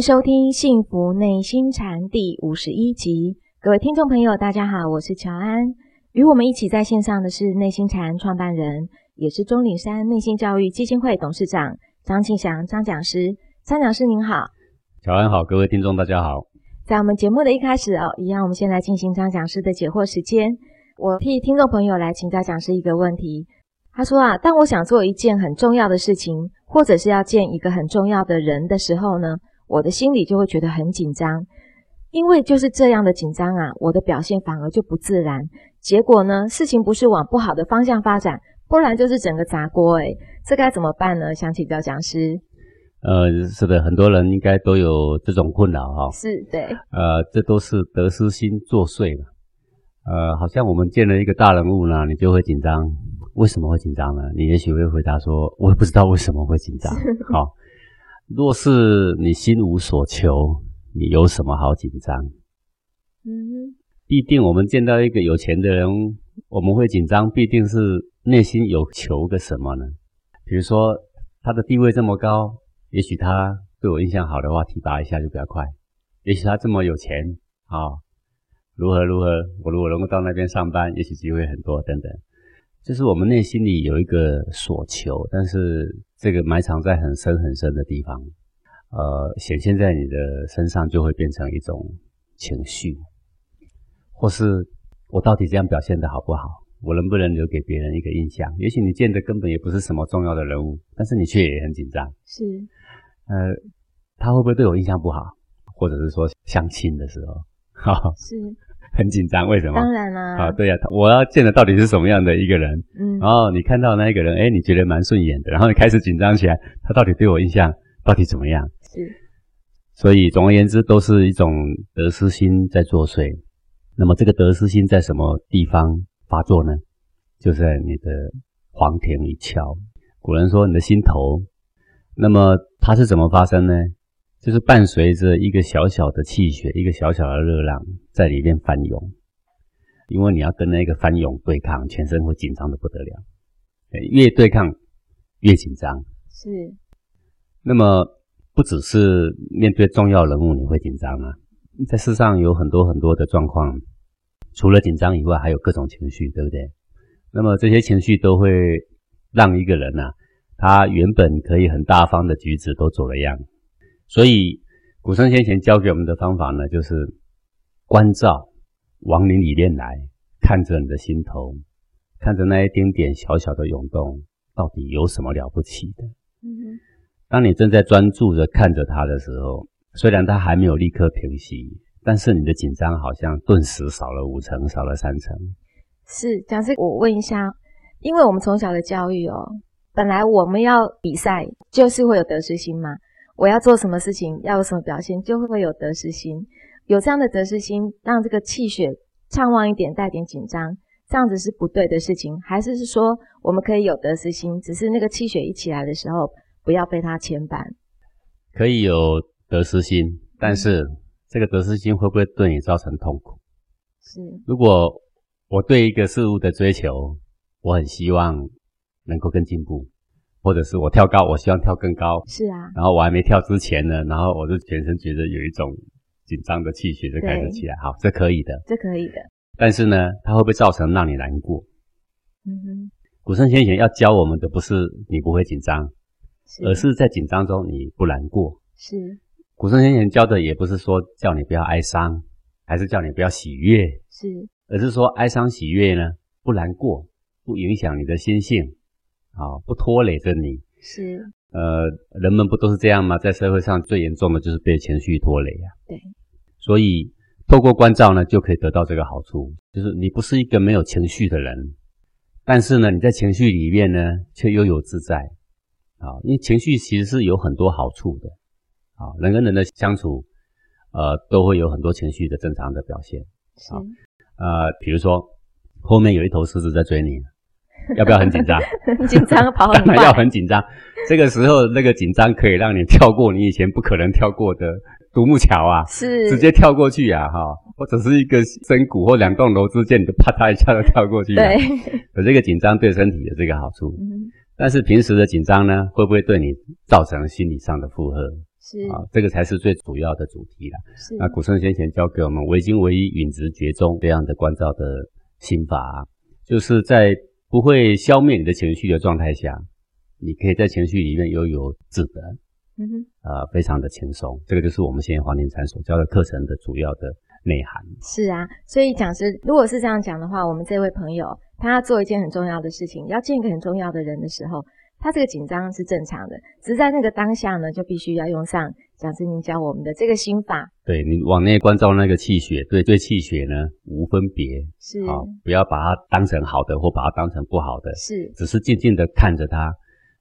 收聽《幸福內心禪》第五十一集，各位聽眾朋友，大家好，我是喬安。與我們一起在線上的是內心禪創辦人，也是中嶺山內心教育基金會董事長張慶祥張講師。張講師您好，喬安好，各位聽眾大家好。在我們節目的一開始哦，一樣我們先來進行張講師的解惑時間。我替聽眾朋友來請教講師一個問題。他說啊，當我想做一件很重要的事情，或者是要見一個很重要的人的時候呢，我的心裡就會覺得很緊張，因為就是這樣的緊張啊，我的表現反而就不自然。結果呢，事情不是往不好的方向發展，不然就是整個砸鍋。哎，這該、個、怎麼辦呢？想請教禪師。呃，是的，很多人應該都有這種困擾哈、哦，是對。呃，這都是得失心作祟嘛。呃，好像我們見了一個大人物呢，你就會緊張。為什麼會緊張呢？你也許會回答說：“我也不知道為什麼會緊張。”是。好。若是你心無所求，你有什麼好緊張？嗯哼，必定我們見到一個有錢的人，我們會緊張，必定是內心有求個什麼呢？比如說他的地位這麼高，也許他對我印象好的話，提拔一下就比較快。也許他這麼有錢，啊、哦，如何如何，我如果能夠到那邊上班，也許機會很多，等等。就是我們內心裡有一個所求，但是這個埋藏在很深很深的地方，呃，顯現在你的身上就會變成一種情緒，或是我到底這樣表現得好不好？我能不能留給別人一個印象？也許你見的根本也不是什麼重要的人物，但是你卻也很緊張。是，呃，他會不會對我印象不好？或者是說相親的時候，哈哈，是。很緊張，為什麼？當然啦、啊。啊，對呀、啊，我要見的到底是什麼樣的一個人？嗯，然後你看到那一個人，哎、欸，你覺得蠻順眼的，然後你開始緊張起來，他到底對我印象到底怎麼樣？是，所以總而言之，都是一種得失心在作祟。那麼這個得失心在什麼地方發作呢？就是、在你的黃庭一竅。古人說你的心頭，那麼它是怎麼發生呢？就是伴隨着一個小小的氣血，一個小小的熱浪在裡面翻湧，因為你要跟那個翻湧對抗，全身會緊張的不得了。對，越對抗越緊張。是。那麼不只是面對重要人物你會緊張啊，在世上有很多很多的狀況，除了緊張以外，還有各種情緒，對不對？那麼這些情緒都會讓一個人吶、啊，他原本可以很大方的舉止都走了樣。所以，古聖先賢教給我們的方法呢，就是觀照往你裡面來，看着你的心頭，看着那一丁點點小小的湧動，到底有什麼了不起的？嗯哼。當你正在專注着看着他的時候，雖然他還沒有立刻平息，但是你的緊張好像頓時少了五成，少了三成。是，禪師，我問一下，因為我們從小的教育哦，本來我們要比賽，就是會有得失心嘛。我要做什麼事情，要有什麼表現，就會不會有得失心？有這樣的得失心，讓這個氣血暢旺一點，帶點緊張，這樣子是不對的事情？還是是說，我們可以有得失心，只是那個氣血一起來的時候，不要被它牽絆。可以有得失心，但是這個得失心會不會對你造成痛苦？是。如果我對一個事物的追求，我很希望能夠更進步。或者是我跳高，我希望跳更高，是啊。然後我還沒跳之前呢，然後我就全身覺得有一種緊張的氣血就開始起來。好，這可以的，這可以的。但是呢，它會不會造成讓你難過？嗯哼。古聖先賢要教我們的不是你不會緊張，是。而是在緊張中你不難過。是。古聖先賢教的也不是說叫你不要哀傷，還是叫你不要喜悅？是。而是說哀傷喜悅呢，不難過，不影響你的心性。啊，不拖累着你是，呃，人們不都是這樣嗎？在社會上最嚴重的就是被情緒拖累啊。對，所以透過關照呢，就可以得到這個好處，就是你不是一個沒有情緒的人，但是呢，你在情緒裡面呢卻悠遊自在。啊，因為情緒其實是有很多好處的。啊，人跟人的相處，呃，都會有很多情緒的正常的表現。好是，啊、呃，比如說後面有一頭獅子在追你。 要不要很緊張？ 很緊張，跑很 當然要很緊張。這個時候，那個緊張可以讓你跳過你以前不可能跳過的獨木橋啊，是直接跳過去啊，哈，或者是一個深谷或兩棟樓之間，你都啪嗒一下就跳過去，啊。對，有 這個緊張對身體有這個好處。嗯。但是平時的緊張呢，會不會對你造成心理上的負荷？是啊，這個才是最主要的主題啦。是。那古聖先賢教給我們“惟精惟一，允執厥中”這樣的觀照的心法，啊，就是在。不會消滅你的情緒的狀態下，你可以在情緒裡面擁有自得，嗯哼，啊、呃，非常的輕鬆。這個就是我們現在黃庭禪所教的課程的主要的內涵。是啊，所以講師，如果是這樣講的話，我們這位朋友他要做一件很重要的事情，要見一個很重要的人的時候，他這個緊張是正常的，只是在那個當下呢，就必須要用上。講師，您教我們的這個心法，對你往內觀照那個氣血，對對氣血呢無分別，是、哦，不要把它當成好的或把它當成不好的，是，只是靜靜的看着它，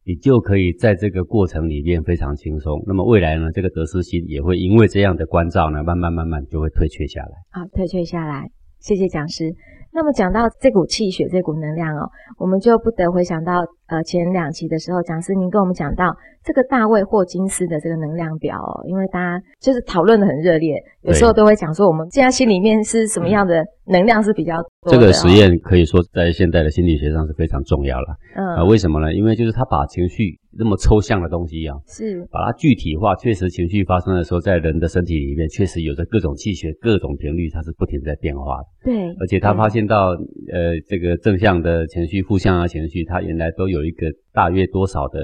你就可以在這個過程裡面非常輕鬆。那麼未來呢，這個得失心也會因為這樣的觀照呢，慢慢慢慢就會退卻下來。好、啊，退卻下來，謝謝講師。那麼講到這股氣血、這股能量哦，我們就不得回想到。呃，前兩期的時候，禪師您跟我們講到這個大衛霍金斯的這個能量表，哦，因為大家就是討論的很熱烈，有時候都會講說我們現在心裡面是什麼樣的能量是比較多的、哦……這個實驗可以說在現代的心理學上是非常重要了。嗯、呃、啊，為什麼呢？因為就是他把情緒那麼抽象的東西啊，是把它具體化。確實，情緒發生的時候，在人的身體裡面確實有着各種氣血、各種頻率，它是不停在變化的。對，而且他發現到呃，這個正向的情緒、負向啊情緒，它原來都有。有一個大約多少的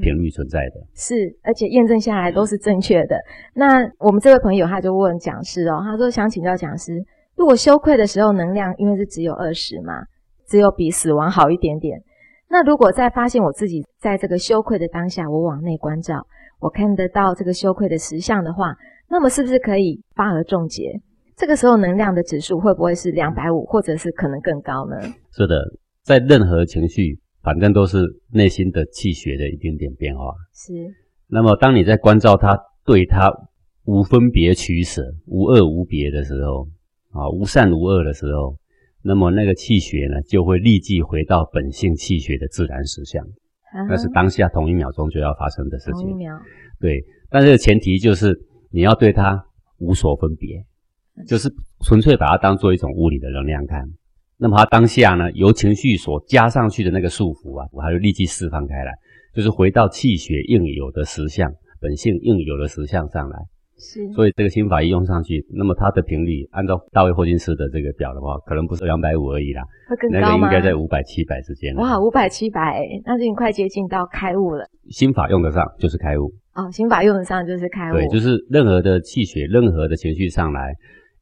頻率存在的？嗯、是，而且驗證下來都是正確的。那我們這位朋友他就問禪師哦，他說想請教禪師，如果羞愧的時候能量，因為是只有二十嘛，只有比死亡好一點點。那如果在發現我自己在這個羞愧的當下，我往內關照，我看得到這個羞愧的實相的話，那麼是不是可以發而中節？這個時候能量的指數會不會是兩百五，或者是可能更高呢？是的，在任何情緒。反正都是內心的氣血的一點點變化，是。那麼，當你在觀照他，對他無分別取捨、無惡無別的時候，啊，無善無惡的時候，那麼那個氣血呢，就會立即回到本性氣血的自然實相。啊。那是當下同一秒鐘就要發生的事情。同一秒。對，但是前提就是你要對它無所分別。嗯，就是純粹把它當做一種物理的能量看。那麼他當下呢，由情緒所加上去的那個束縛啊，我還會立即釋放開來，就是回到氣血應有的實相、本性應有的實相上來。是。所以這個心法一用上去，那麼它的頻率按照大衛霍金斯的這個表的話，可能不是兩百五而已啦，會更高嗎？那個應該在五百七百之間。哇，五百七百，那已經快接近到開悟了。心法用得上就是開悟。哦，心法用得上就是開悟。對，就是任何的氣血、任何的情緒上來，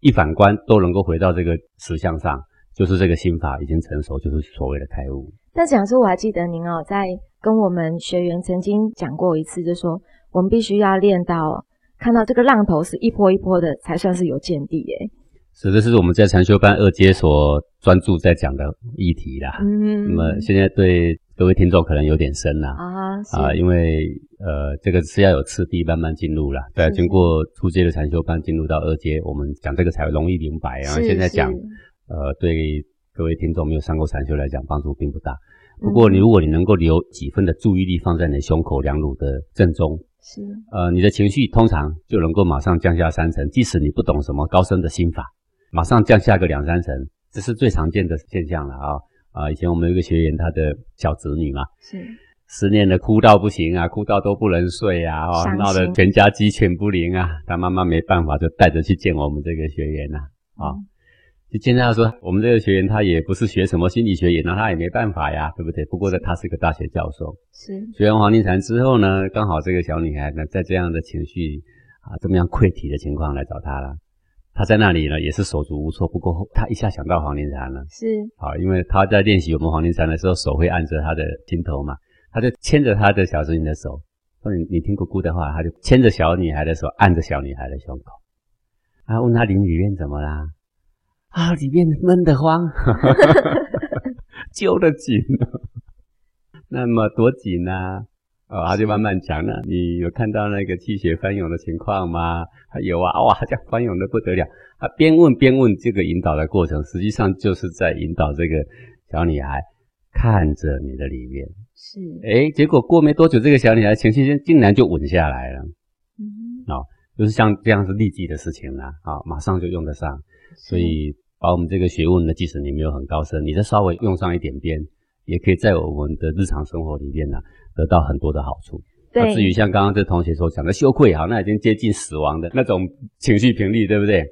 一反觀都能夠回到這個實相上。就是這個心法已經成熟，就是所謂的開悟。但講師，我還記得您哦，在跟我們學員曾經講過一次，就說我們必須要練到看到這個浪頭是一波一波的，才算是有見地。耶，是，這是我們在禪修班二階所專注在講的議題啦。嗯，那麼現在對各位聽眾可能有點深啦。啊哈，是啊，因為呃，這個是要有次第，慢慢進入啦。對啊，經過初階的禪修班進入到二階，我們講這個才容易明白啊。然後現在講。呃，對各位聽眾沒有上過禪修來講，幫助並不大。不過你如果你能夠留幾分的注意力放在你胸口兩乳的正中，是呃，你的情緒通常就能夠馬上降下三層。即使你不懂什麼高深的心法，馬上降下個兩三層，這是最常見的現象了啊。哦！啊，呃，以前我們有一個學員，他的小姪女嘛，是失戀了哭到不行啊，哭到都不能睡啊，哦，鬧得全家雞犬不寧啊。他媽媽沒辦法，就帶着去見我們這個學員吶，啊。哦嗯就現他說，我們這個學員他也不是學什麼心理學，也拿他也沒辦法呀，對不對？不過呢，他是一個大學教授。是學完黃庭禪之後呢，剛好這個小女孩呢，在這樣的情緒啊，這麼樣潰體的情況來找他了。他在那裡呢，也是手足無措。不過他一下想到黃庭禪了，是好，因為他在練習我們黃庭禪的時候，手會按着他的肩頭嘛，他就牽着他的小姪女的手，說你：“你你聽姑姑的話。”他就牽着小女孩的手，按着小女孩的胸口，啊，問他林裡面怎麼啦？啊，裡面悶得慌， 揪得緊，那麼多緊呢、啊？哦，他就慢慢講了。你有看到那個氣血翻湧的情況嗎？啊有啊，哇，這樣翻湧得不得了。他、啊、邊問邊問這個引導的過程，實際上就是在引導這個小女孩看着你的裡面。是，哎，結果過沒多久，這個小女孩情緒竟然就穩下來了。嗯哼，哦，就是像這樣是立即的事情了、啊，啊、哦，馬上就用得上，所以。把我們這個學問呢，即使你沒有很高深，你再稍微用上一點邊也可以在我們的日常生活裡面呢、啊、得到很多的好處。對，至於像剛剛這同學所講的羞愧，好，那已經接近死亡的那種情緒頻率，對不對？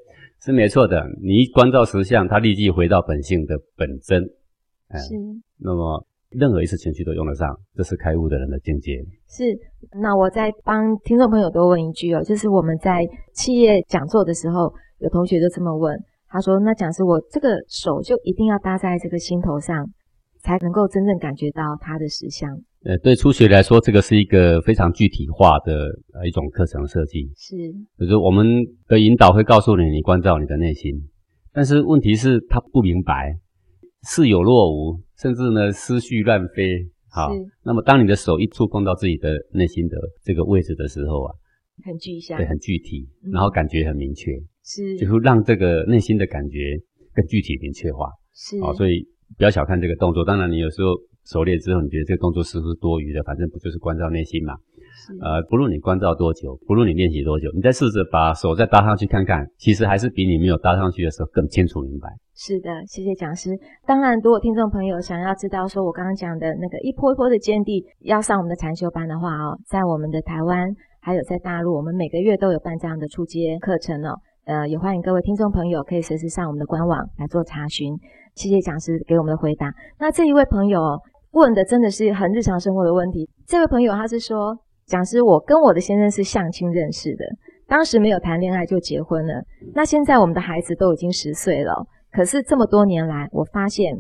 是沒錯的。你一觀照實相，它立即回到本性的本真、嗯。是。那麼任何一次情緒都用得上，這是開悟的人的境界。是。那我再幫聽眾朋友多問一句哦，就是我們在企業講座的時候，有同學就這麼問。他說：“那講師，我這個手就一定要搭在這個心頭上，才能夠真正感覺到它的實相。”呃，對初學來說，這個是一個非常具體化的一種課程設計。是，就是我們的引導會告訴你，你關照你的內心。但是問題是，他不明白，似有若無，甚至呢思緒亂飛。好，那麼當你的手一觸碰到自己的內心的這個位置的時候啊，很具象，對，很具體，然後感覺很明確。嗯是，就是讓這個內心的感覺更具體一點，明確化。是啊，所以不要小看這個動作。當然，你有時候熟練之後，你覺得這個動作是不是是多餘的，反正不就是關照內心嘛。是，呃，不論你關照多久，不論你練習多久，你再試着把手再搭上去看看，其實還是比你沒有搭上去的時候更清楚明白。是的，謝謝講師。當然，如果聽眾朋友想要知道說我剛剛講的那個一波一波的見地，要上我們的禪修班的話啊、哦，在我們的台灣還有在大陸，我們每個月都有辦這樣的初階課程哦。呃，也歡迎各位聽眾朋友可以隨時上我們的官網來做查詢。謝謝講師給我們的回答。那這一位朋友問的真的是很日常生活的問題。這位朋友他是說，講師，我跟我的先生是相親認識的，當時沒有談戀愛就結婚了。那現在我們的孩子都已經十歲了，可是這麼多年來，我發現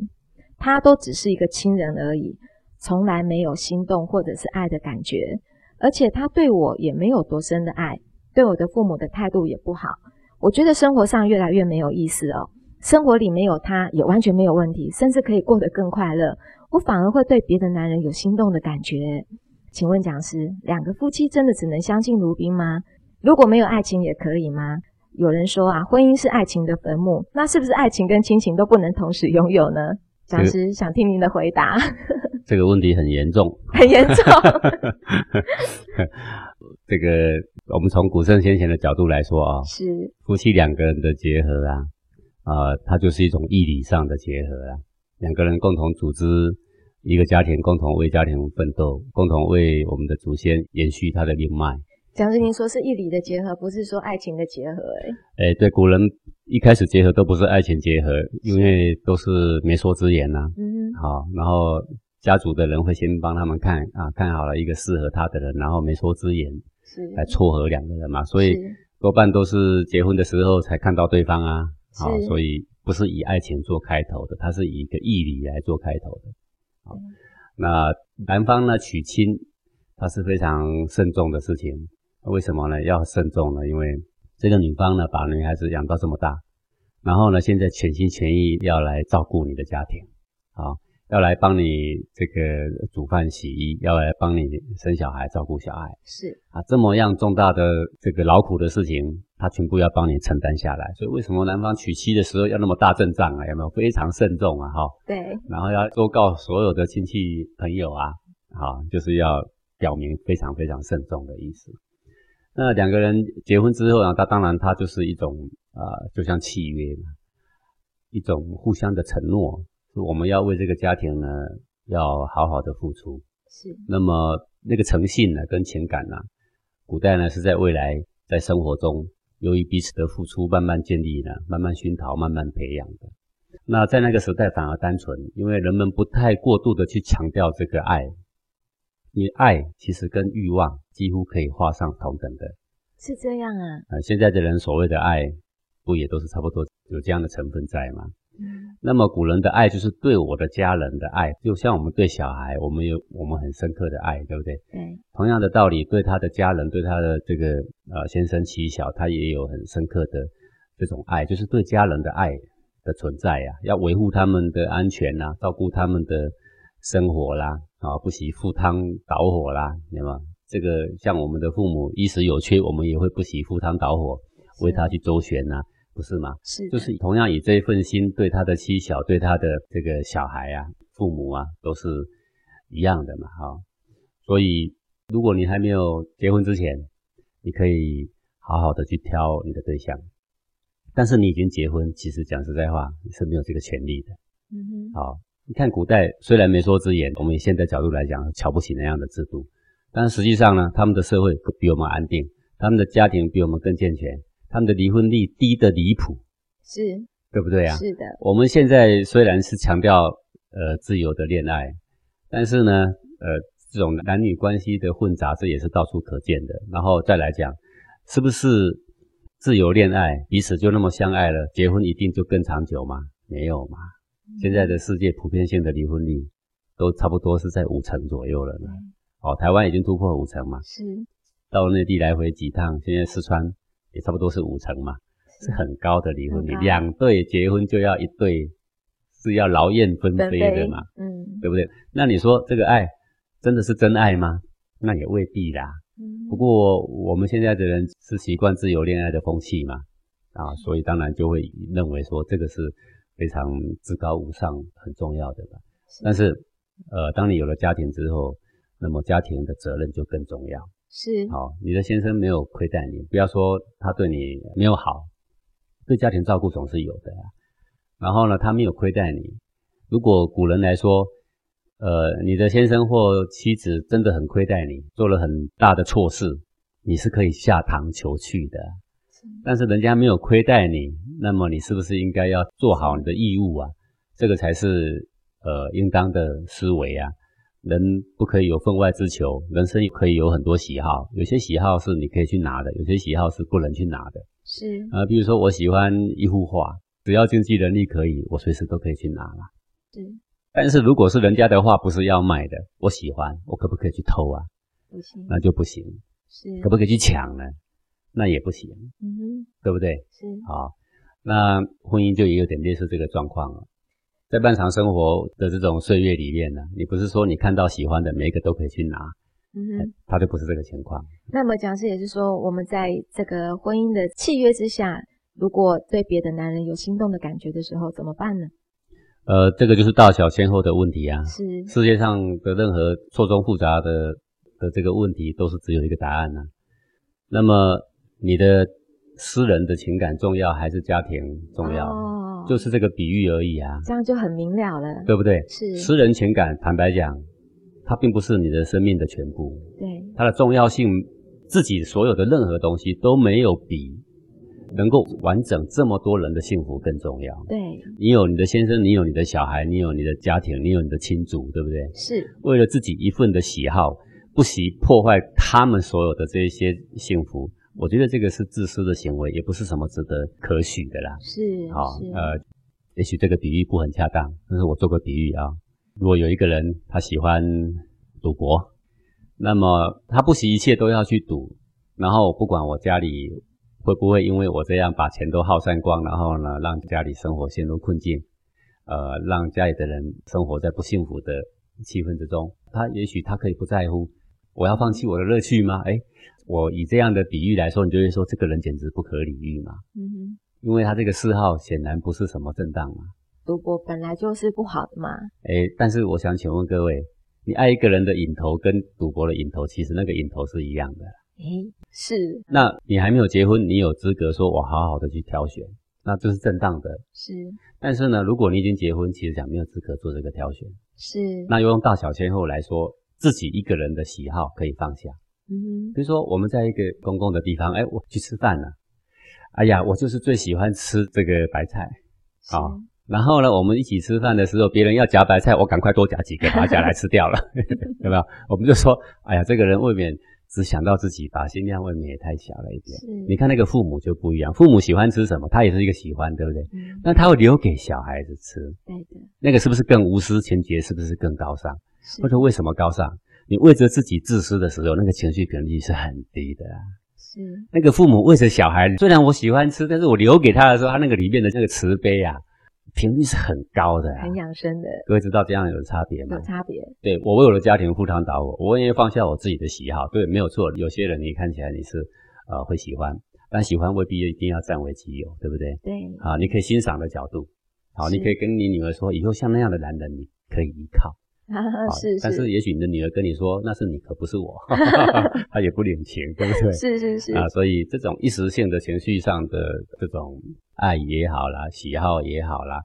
他都只是一個親人而已，從來沒有心動或者是愛的感覺，而且他對我也沒有多深的愛，對我的父母的態度也不好。我覺得生活上越來越沒有意思哦，生活裡沒有他也完全沒有問題，甚至可以過得更快樂。我反而會對別的男人有心動的感覺。請問講師，兩個夫妻真的只能相敬如賓嗎？如果沒有愛情也可以嗎？有人說啊，婚姻是愛情的墳墓，那是不是愛情跟親情都不能同時擁有呢？講師想聽您的回答。這個問題很嚴重， 很嚴重。 這個我們從古聖先賢的角度來說啊、哦，是夫妻兩個人的結合啊，啊、呃，它就是一種義理上的結合啊，兩個人共同組織一個家庭，共同為家庭奮鬥，共同為我們的祖先延續他的命脈。禪師，您說，是義理的結合，不是說愛情的結合，欸，哎，欸，誒對，古人一開始結合都不是愛情結合，因為都是媒妁之言吶、啊，嗯，好、哦，然後家族的人會先幫他們看啊，看好了一個適合他的人，然後媒妁之言。來撮合兩個人嘛，所以多半都是結婚的時候才看到對方啊。好，哦，所以不是以愛情做開頭的，它是以一個義理來做開頭的。好，那男方呢，娶親，他是非常慎重的事情。為什麼呢？要慎重呢？因為這個女方呢，把女孩子養到這麼大，然後呢，現在全心全意要來照顧你的家庭。啊。要來幫你這個煮飯洗衣，要來幫你生小孩、照顧小孩，是啊，這麼樣重大的這個勞苦的事情，他全部要幫你承擔下來。所以為什麼男方娶妻的時候要那麼大陣仗啊？有沒有非常慎重啊？哈，對，然後要周告所有的親戚朋友啊，哈、啊，就是要表明非常非常慎重的意思。那兩個人結婚之後呢、啊，他當然他就是一種啊、呃，就像契約嘛，一種互相的承諾。我們要為這個家庭呢，要好好的付出。是。那麼那個誠信呢，跟情感呢、啊，古代呢是在未來，在生活中，由於彼此的付出，慢慢建立呢，慢慢熏陶，慢慢培養的。那在那個時代反而單純，因為人們不太過度的去強調這個愛，因為愛其實跟慾望幾乎可以畫上同等的。是這樣啊。呃，現在的人所謂的愛，不也都是差不多有這樣的成分在嗎？嗯，那麼古人的愛就是對我的家人的愛，就像我們對小孩，我們有我們很深刻的愛，對不對？嗯，同樣的道理，對他的家人，對他的這個呃先生妻小，他也有很深刻的這種愛，就是對家人的愛的存在呀、啊，要維護他們的安全吶、啊，照顧他們的生活啦，啊，不惜赴湯蹈火啦，你知道嗎？這個像我們的父母衣食有缺，我們也會不惜赴湯蹈火為他去周旋吶、啊。不是嗎？是，就是同樣以這一份心對他的妻小，對他的這個小孩啊、父母啊，都是一樣的嘛。好，所以如果你還沒有結婚之前，你可以好好的去挑你的對象。但是你已經結婚，其實講實在話，你是沒有這個權利的。嗯哼。好，你看古代雖然媒妁之言，我們以現代角度來講，瞧不起那樣的制度，但實際上呢，他們的社會比我們安定，他們的家庭比我們更健全。他們的離婚率低得離譜，是，對不對啊？是的。我們現在雖然是強調呃自由的戀愛，但是呢，呃，這種男女關係的混雜，這也是到處可見的。然後再來講，是不是自由戀愛彼此就那麼相愛了，結婚一定就更長久嗎？沒有嘛。現在的世界普遍性的離婚率都差不多是在五成左右了呢。哦，台灣已經突破了五成嘛。是。到內地來回幾趟，現在四川。也差不多是五成嘛，是很高的離婚率。兩對結婚就要一對是要勞燕分飛的嘛，嗯，對不對？那你說這個愛真的是真愛嗎？那也未必啦。不過我們現在的人是習慣自由戀愛的風氣嘛，啊，所以當然就會認為說這個是非常至高無上、很重要的吧。但是，呃，當你有了家庭之後，那麼家庭的責任就更重要。是。好，哦，你的先生沒有虧待你，不要說他對你沒有好，對家庭照顧總是有的啊。然後呢，他沒有虧待你。如果古人來說，呃，你的先生或妻子真的很虧待你，做了很大的錯事，你是可以下堂求去的。但是人家沒有虧待你，那麼你是不是應該要做好你的義務啊？這個才是，呃，應當的思維啊。人不可以有分外之求，人生也可以有很多喜好，有些喜好是你可以去拿的，有些喜好是不能去拿的。是啊。呃，比如說我喜歡一幅畫，只要經濟能力可以，我隨時都可以去拿啦。對。但是如果是人家的畫，不是要賣的，我喜歡，我可不可以去偷啊？不行，那就不行。是。可不可以去搶呢？那也不行。嗯哼。對不對？是。好。那婚姻就也有點類似這個狀況了。在漫長生活的這種歲月裡面呢，你不是說你看到喜歡的每一個都可以去拿，嗯哼，它就不是這個情況。那麼講師也是說，我們在這個婚姻的契約之下，如果對別的男人有心動的感覺的時候，怎麼辦呢？呃，這個就是大小先後的問題啊。是世界上的任何錯綜複雜的的這個問題，都是只有一個答案呢、啊。那麼你的私人的情感重要還是家庭重要？哦就是這個比喻而已啊，這樣就很明了了，對不對？是，對，私人情感，坦白講，它並不是你的生命的全部。對，它的重要性，自己所有的任何東西都沒有比能夠完整這麼多人的幸福更重要。對，你有你的先生，你有你的小孩，你有你的家庭，你有你的親族，對不對？是為了自己一份的喜好，不惜破壞他們所有的這些幸福。我覺得這個是自私的行為，也不是什麼值得可取的啦。是啊，呃，也許這個比喻不很恰當，但是我做個比喻啊，如果有一個人他喜歡賭博，那麼他不惜一切都要去賭，然後不管我家裡會不會因為我這樣把錢都耗散光，然後呢，讓家裡生活陷入困境，呃，讓家裡的人生活在不幸福的氣氛之中，他也許他可以不在乎，我要放棄我的樂趣嗎？哎。我以這樣的比喻來說，你就會說這個人簡直不可理喻嘛。嗯哼，因為他這個嗜好顯然不是什麼正當嘛。賭博本來就是不好的嘛。哎，但是我想請問各位，你愛一個人的癮頭跟賭博的癮頭，其實那個癮頭是一樣的。哎，是。那你還沒有結婚，你有資格說我好好的去挑選，那這是正當的。是。但是呢，如果你已經結婚，其實講沒有資格做這個挑選。是。那又用大小先後來說，自己一個人的喜好可以放下。嗯哼，比如說我們在一個公共的地方，哎，我去吃飯了。哎呀，我就是最喜歡吃這個白菜啊。哦。然後呢，我們一起吃飯的時候，別人要夾白菜，我趕快多夾幾個，把它夾來吃掉了，對 吧 有沒有？我們就說，哎呀，這個人未免只想到自己，吧，心量未免也太小了一點。你看那個父母就不一樣，父母喜歡吃什麼，他也是一個喜歡，對不對？嗯、那他會留給小孩子吃，對的。那個是不是更無私情、情節是不是更高尚？或者為什麼高尚？你為着自己自私的時候，那個情緒頻率是很低的啊。是那個父母為着小孩，雖然我喜歡吃，但是我留給他的時候，他那個裡面的那個慈悲啊，頻率是很高的啊。很養生的，各位知道這樣有差別嗎？有差別。對，我為我的家庭赴湯蹈火，我也放下我自己的喜好。對，沒有錯。有些人你看起來你是，呃，會喜歡，但喜歡未必一定要佔為己有，對不對？對。啊，你可以欣賞的角度。好，啊，你可以跟你女兒說，以後像那樣的男人，你可以依靠。 是，是，但是也許你的女兒跟你說，那是你，可不是我，她 也不領情， 對不對？是是是啊，所以這種一時性的情緒上的這種愛也好啦，喜好也好啦，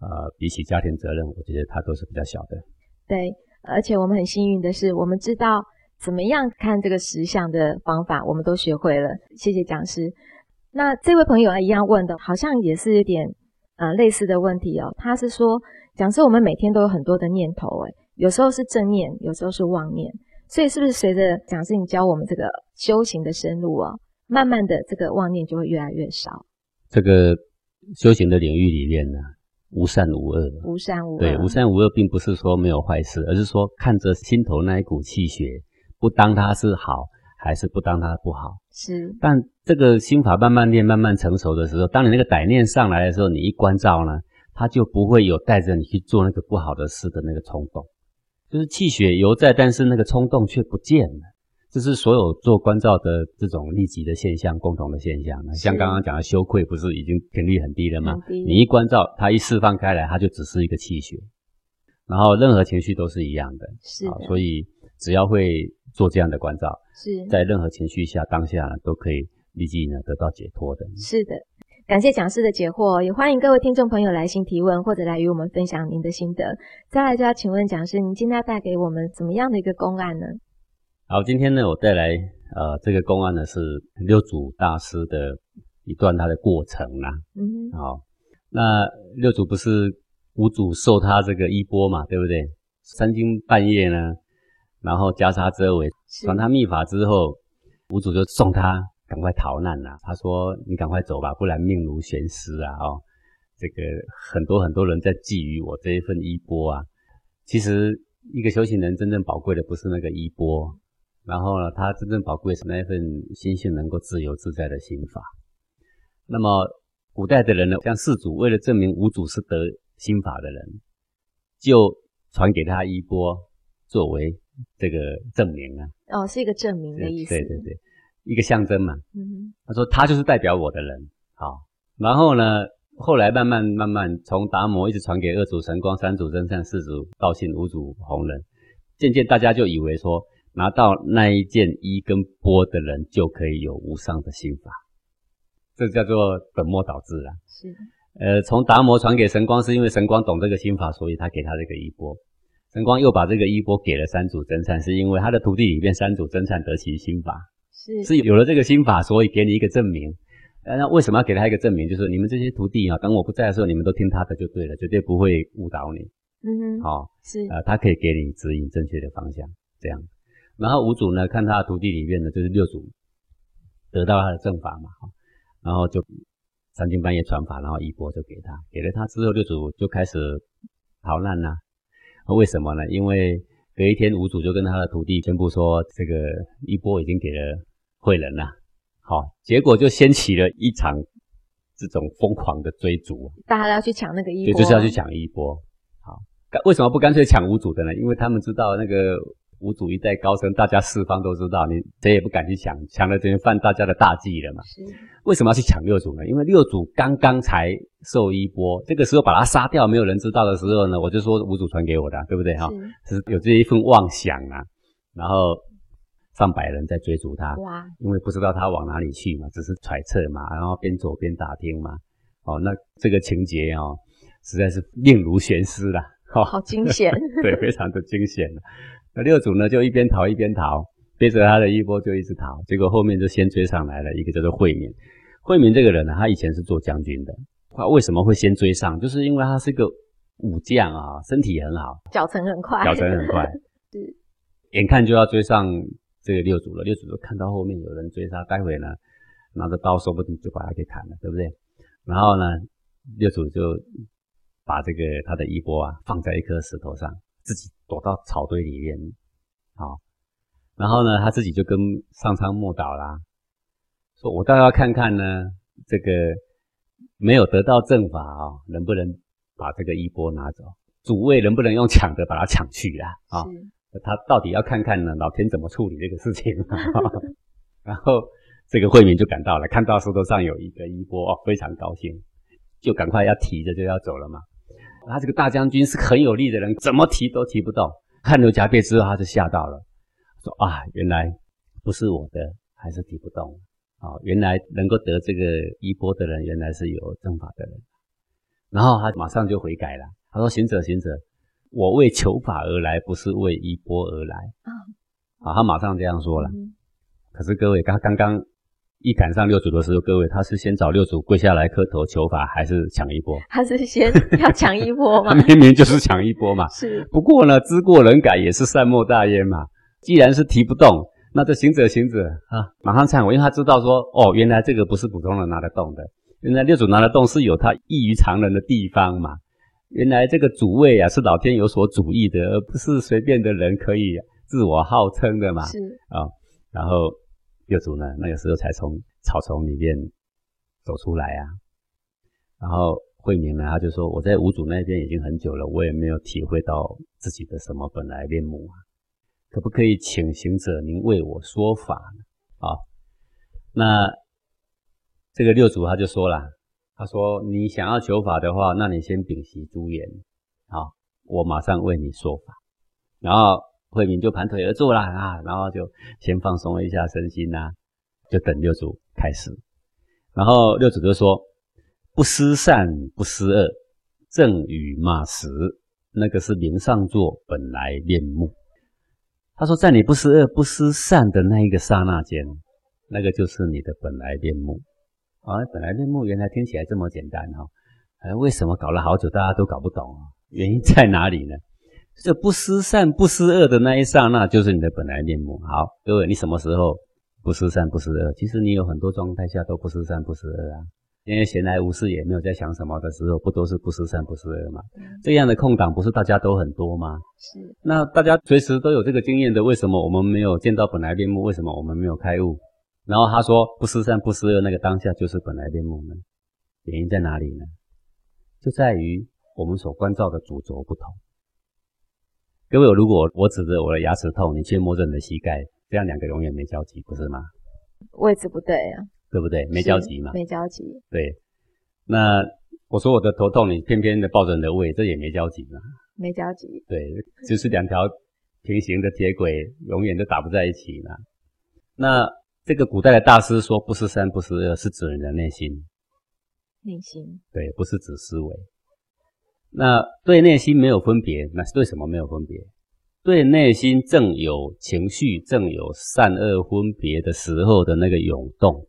呃，比起家庭責任，我覺得它都是比較小的。對，而且我們很幸運的是，我們知道怎麼樣看這個實相的方法，我們都學會了。謝謝講師。那這位朋友啊，一樣問的，好像也是有點呃類似的問題哦，他是說。講師，我們每天都有很多的念頭，誒有時候是正念，有時候是妄念。所以，是不是隨着講師你教我們這個修行的深入哦，啊，慢慢的這個妄念就會越來越少？這個修行的領域裡面呢，無善無惡，無善無惡。對，無善無惡，並不是說沒有壞事，而是說看着心頭那一股氣血，不當它是好，還是不當它不好？是。但這個心法慢慢練，慢慢成熟的時候，當你那個歹念上來的時候，你一關照呢？他就不會有帶着你去做那個不好的事的那個衝動，就是氣血猶在，但是那個衝動卻不見了。這是所有做關照的這種立即的現象，共同的現象。像剛剛講的羞愧，不是已經頻率很低了嗎？你一關照，它一釋放開來，它就只是一個氣血。然後任何情緒都是一樣的，是。所以只要會做這樣的關照，是在任何情緒下，當下都可以立即呢得到解脫的。是的。感謝講師的解惑，也歡迎各位聽眾朋友來信提問，或者來與我們分享您的心得。再來就要請問講師，您今天要帶給我們怎麼樣的一個公案呢？好，今天呢，我帶來呃這個公案呢是六祖大師的一段他的過程啦。嗯，好，那六祖不是五祖授他這個衣缽嘛，對不對？三更半夜呢，然後袈裟遮圍，傳他秘法之後，五祖就送他。趕快逃難吶、啊！他說：“你趕快走吧，不然命如懸絲啊！哦，這個很多很多人在覬覦我這一份衣缽啊。其實，一個修行人真正寶貴的不是那個衣缽，然後呢，他真正寶貴是那一份心性能夠自由自在的心法。那麼，古代的人呢，像四祖為了證明五祖是得心法的人，就傳給他衣缽作為這個證明啊。哦，是一個證明的意思。對對對。對一個象徵嘛，嗯，他說他就是代表我的人，好，然後呢，後來慢慢慢慢從達摩一直傳給二祖神光、三祖真善、四祖道信、五祖弘忍，漸漸大家就以為說拿到那一件衣跟缽的人就可以有無上的心法，這叫做本末倒置啦。是，呃，從達摩傳給神光是因為神光懂這個心法，所以他給他這個衣缽，神光又把這個衣缽給了三祖真善，是因為他的徒弟裡面三祖真善得其心法。是,是，是,是有了這個心法，所以給你一個證明。呃，那為什麼要給他一個證明？就是你們這些徒弟啊，當我不在的時候，你們都聽他的就對了，絕對不會誤導你。嗯哼，好、哦，是呃，他可以給你指引正確的方向。這樣，然後五祖呢，看他的徒弟裡面呢，就是六祖得到他的正法嘛，然後就三更半夜傳法，然後衣缽就給他，給了他之後，六祖就開始逃難了、啊。為什麼呢？因為隔一天，五祖就跟他的徒弟宣布說，這個衣缽已經給了。會人呐、啊，好、哦，結果就掀起了一場這種瘋狂的追逐，大家都要去搶那個衣缽、啊對，就是要去搶衣缽。好、哦，為什麼不乾脆搶五祖的呢？因為他們知道那個五祖一代高僧，大家四方都知道，你誰也不敢去搶，搶了就犯大家的大忌了嘛。是，為什麼要去搶六祖呢？因為六祖剛剛才受衣缽，這個時候把他殺掉，沒有人知道的時候呢，我就說五祖傳給我的、啊，對不對？哈，是有這一份妄想啊，然後。上百人在追逐他、啊，因為不知道他往哪裡去嘛，只是揣測嘛，然後邊走邊打聽嘛。哦，那這個情節哦，實在是命如懸絲啦。好、哦，好驚險， 對，非常的驚險。那六祖呢，就一邊逃一邊逃，背着他的衣缽就一直逃。結果後面就先追上來了一個叫做慧明。慧明這個人呢，他以前是做將軍的。他為什麼會先追上？就是因為他是一個武將啊，身體很好，腳程很快，腳程很快。對，眼看就要追上。這個六祖了，六祖就看到後面有人追殺，待會呢拿着刀，說不定就把他給砍了，對不對？然後呢，六祖就把這個他的衣缽啊放在一顆石頭上，自己躲到草堆裡面啊、哦。然後呢，他自己就跟上蒼莫倒啦、啊，說我倒要看看呢，這個沒有得到正法啊、哦，能不能把這個衣缽拿走？主位能不能用搶的把他搶去啊？哦他到底要看看呢，老天怎麼處理這個事情。 然後這個慧明就趕到了，看到石頭上有一個衣缽，非常高興，就趕快要提着就要走了嘛。他這個大將軍是個很有力的人，怎麼提都提不動，汗流浹背之後他就嚇到了，說啊，原來不是我的，還是提不動啊。原來能夠得這個衣缽的人，原來是有正法的人。然後他馬上就悔改了，他說行者，行者。我為求法而來，不是為一波而來啊！啊，他馬上這樣說了。嗯、可是各位，他剛剛一趕上六祖的時候，各位他是先找六祖跪下來磕頭求法，還是搶一波？他是先要搶一波嘛？ 他明明就是搶一波嘛。是。不過呢，知過能改也是善莫大焉嘛。既然是提不動，那這行者行者啊，馬上懺悔，因為他知道說，哦，原來這個不是普通人拿得動的。原來六祖拿得動是有他異於常人的地方嘛。原來這個主位啊，是老天有所主意的，而不是隨便的人可以自我號稱的嘛。是啊、哦，然後六祖呢，那個時候才從草叢裡面走出來啊。然後慧明呢，他就說：“我在五祖那邊已經很久了，我也沒有體會到自己的什麼本來面目啊，可不可以請行者您為我說法呢？”啊、哦，那這個六祖他就說了。他說：“你想要求法的話，那你先屏息諸言，啊，我馬上為你說法。”然後慧明就盤腿而坐啦，啊，然後就先放鬆一下身心吶、啊，就等六祖開始。然後六祖就說：“不思善，不思惡，正與麼時，那個是明上座本來面目。”他說：“在你不思惡、不思善的那一個剎那間，那個就是你的本來面目。”啊，本來面目原來聽起來這麼簡單哈、哦，哎，為什麼搞了好久大家都搞不懂啊？原因在哪裡呢？這不思善不思惡的那一剎那，就是你的本來面目。好，各位，你什麼時候不思善不思惡？其實你有很多狀態下都不思善不思惡啊。因為閒來無事，也沒有在想什麼的時候，不都是不思善不思惡嗎？這樣的空檔不是大家都很多嗎？是。那大家隨時都有這個經驗的，為什麼我們沒有見到本來面目？為什麼我們沒有開悟？然後他說：“不思善，不思惡的那個當下就是本來面目呢。原因在哪裡呢？就在於我們所觀照的主軸不同。各位，如果我指着我的牙齒痛，你卻摸着你的膝蓋，這樣兩個永遠沒交集，不是嗎？位置不對啊，對不對？沒交集嘛，沒交集。對，那我說我的頭痛，你偏偏的抱着你的胃，這也沒交集嘛，沒交集。對，就是兩條平行的鐵軌，永遠都打不在一起嘛。那。”這個古代的大師說：“不思善，不思惡，是指人的內心。”內心。對，不是指思維。那對內心沒有分別，那是對什麼沒有分別？對內心正有情緒、正有善惡分別的時候的那個湧動，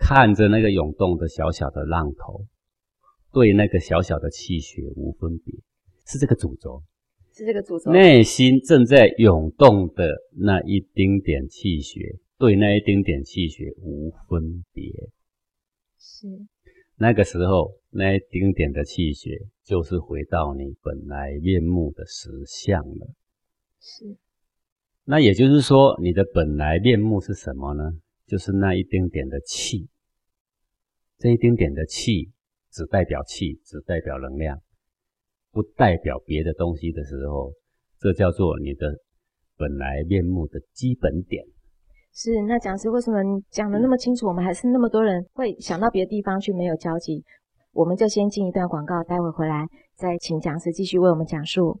看着那個湧動的小小的浪頭，對那個小小的氣血無分別，是這個主軸。是這個主軸。內心正在湧動的那一丁點氣血。對那一丁點氣血無分別，是那個時候那一丁點的氣血，就是回到你本來面目的實相了。是，那也就是說，你的本來面目是什麼呢？就是那一丁點的氣，這一丁點的氣只代表氣，只代表能量，不代表別的東西的時候，這叫做你的本來面目的基本點。是，那講師為什麼講得那麼清楚，我們還是那麼多人會想到別的地方去，沒有交集。我們就先進一段廣告，待會回來，再請講師繼續為我們講述。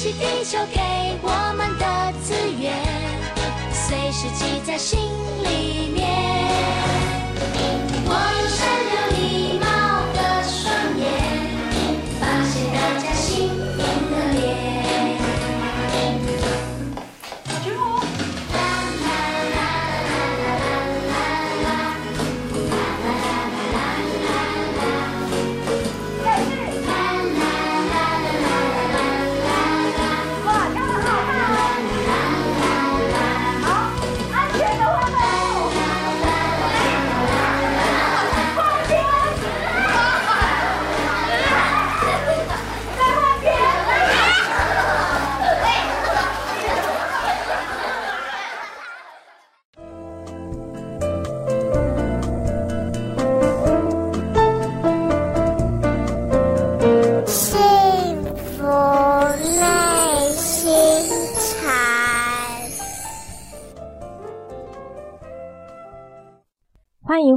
惜地球給我們的資源，隨時記在心裡面。我有善良。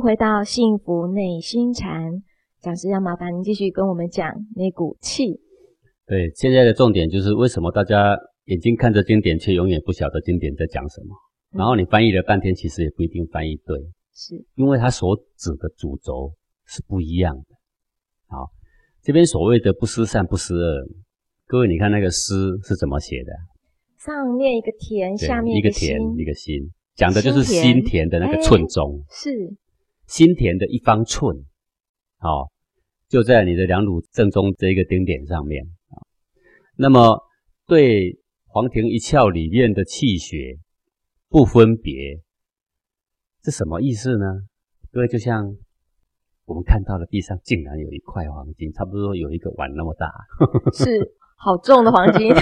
回到幸福內心禪講師，要麻煩您繼續跟我們講那股氣。對，現在的重點就是為什麼大家眼睛看着經典，卻永遠不曉得經典在講什麼？嗯，然後你翻譯了半天，其實也不一定翻譯對，是因為它所指的主軸是不一樣的。好，這邊所謂的不思善不思惡，各位你看那個思是怎麼寫的？上面一個田，下面一個心，一個田，一個心，講的就是心田的那個寸中是。心田的一方寸，好、哦，就在你的兩乳正中這一個頂點上面。哦、那麼，對黃庭一竅裡面的氣血不分別，這什麼意思呢？各位，就像我們看到了地上竟然有一塊黃金，差不多有一個碗那麼大。是。好重的黃金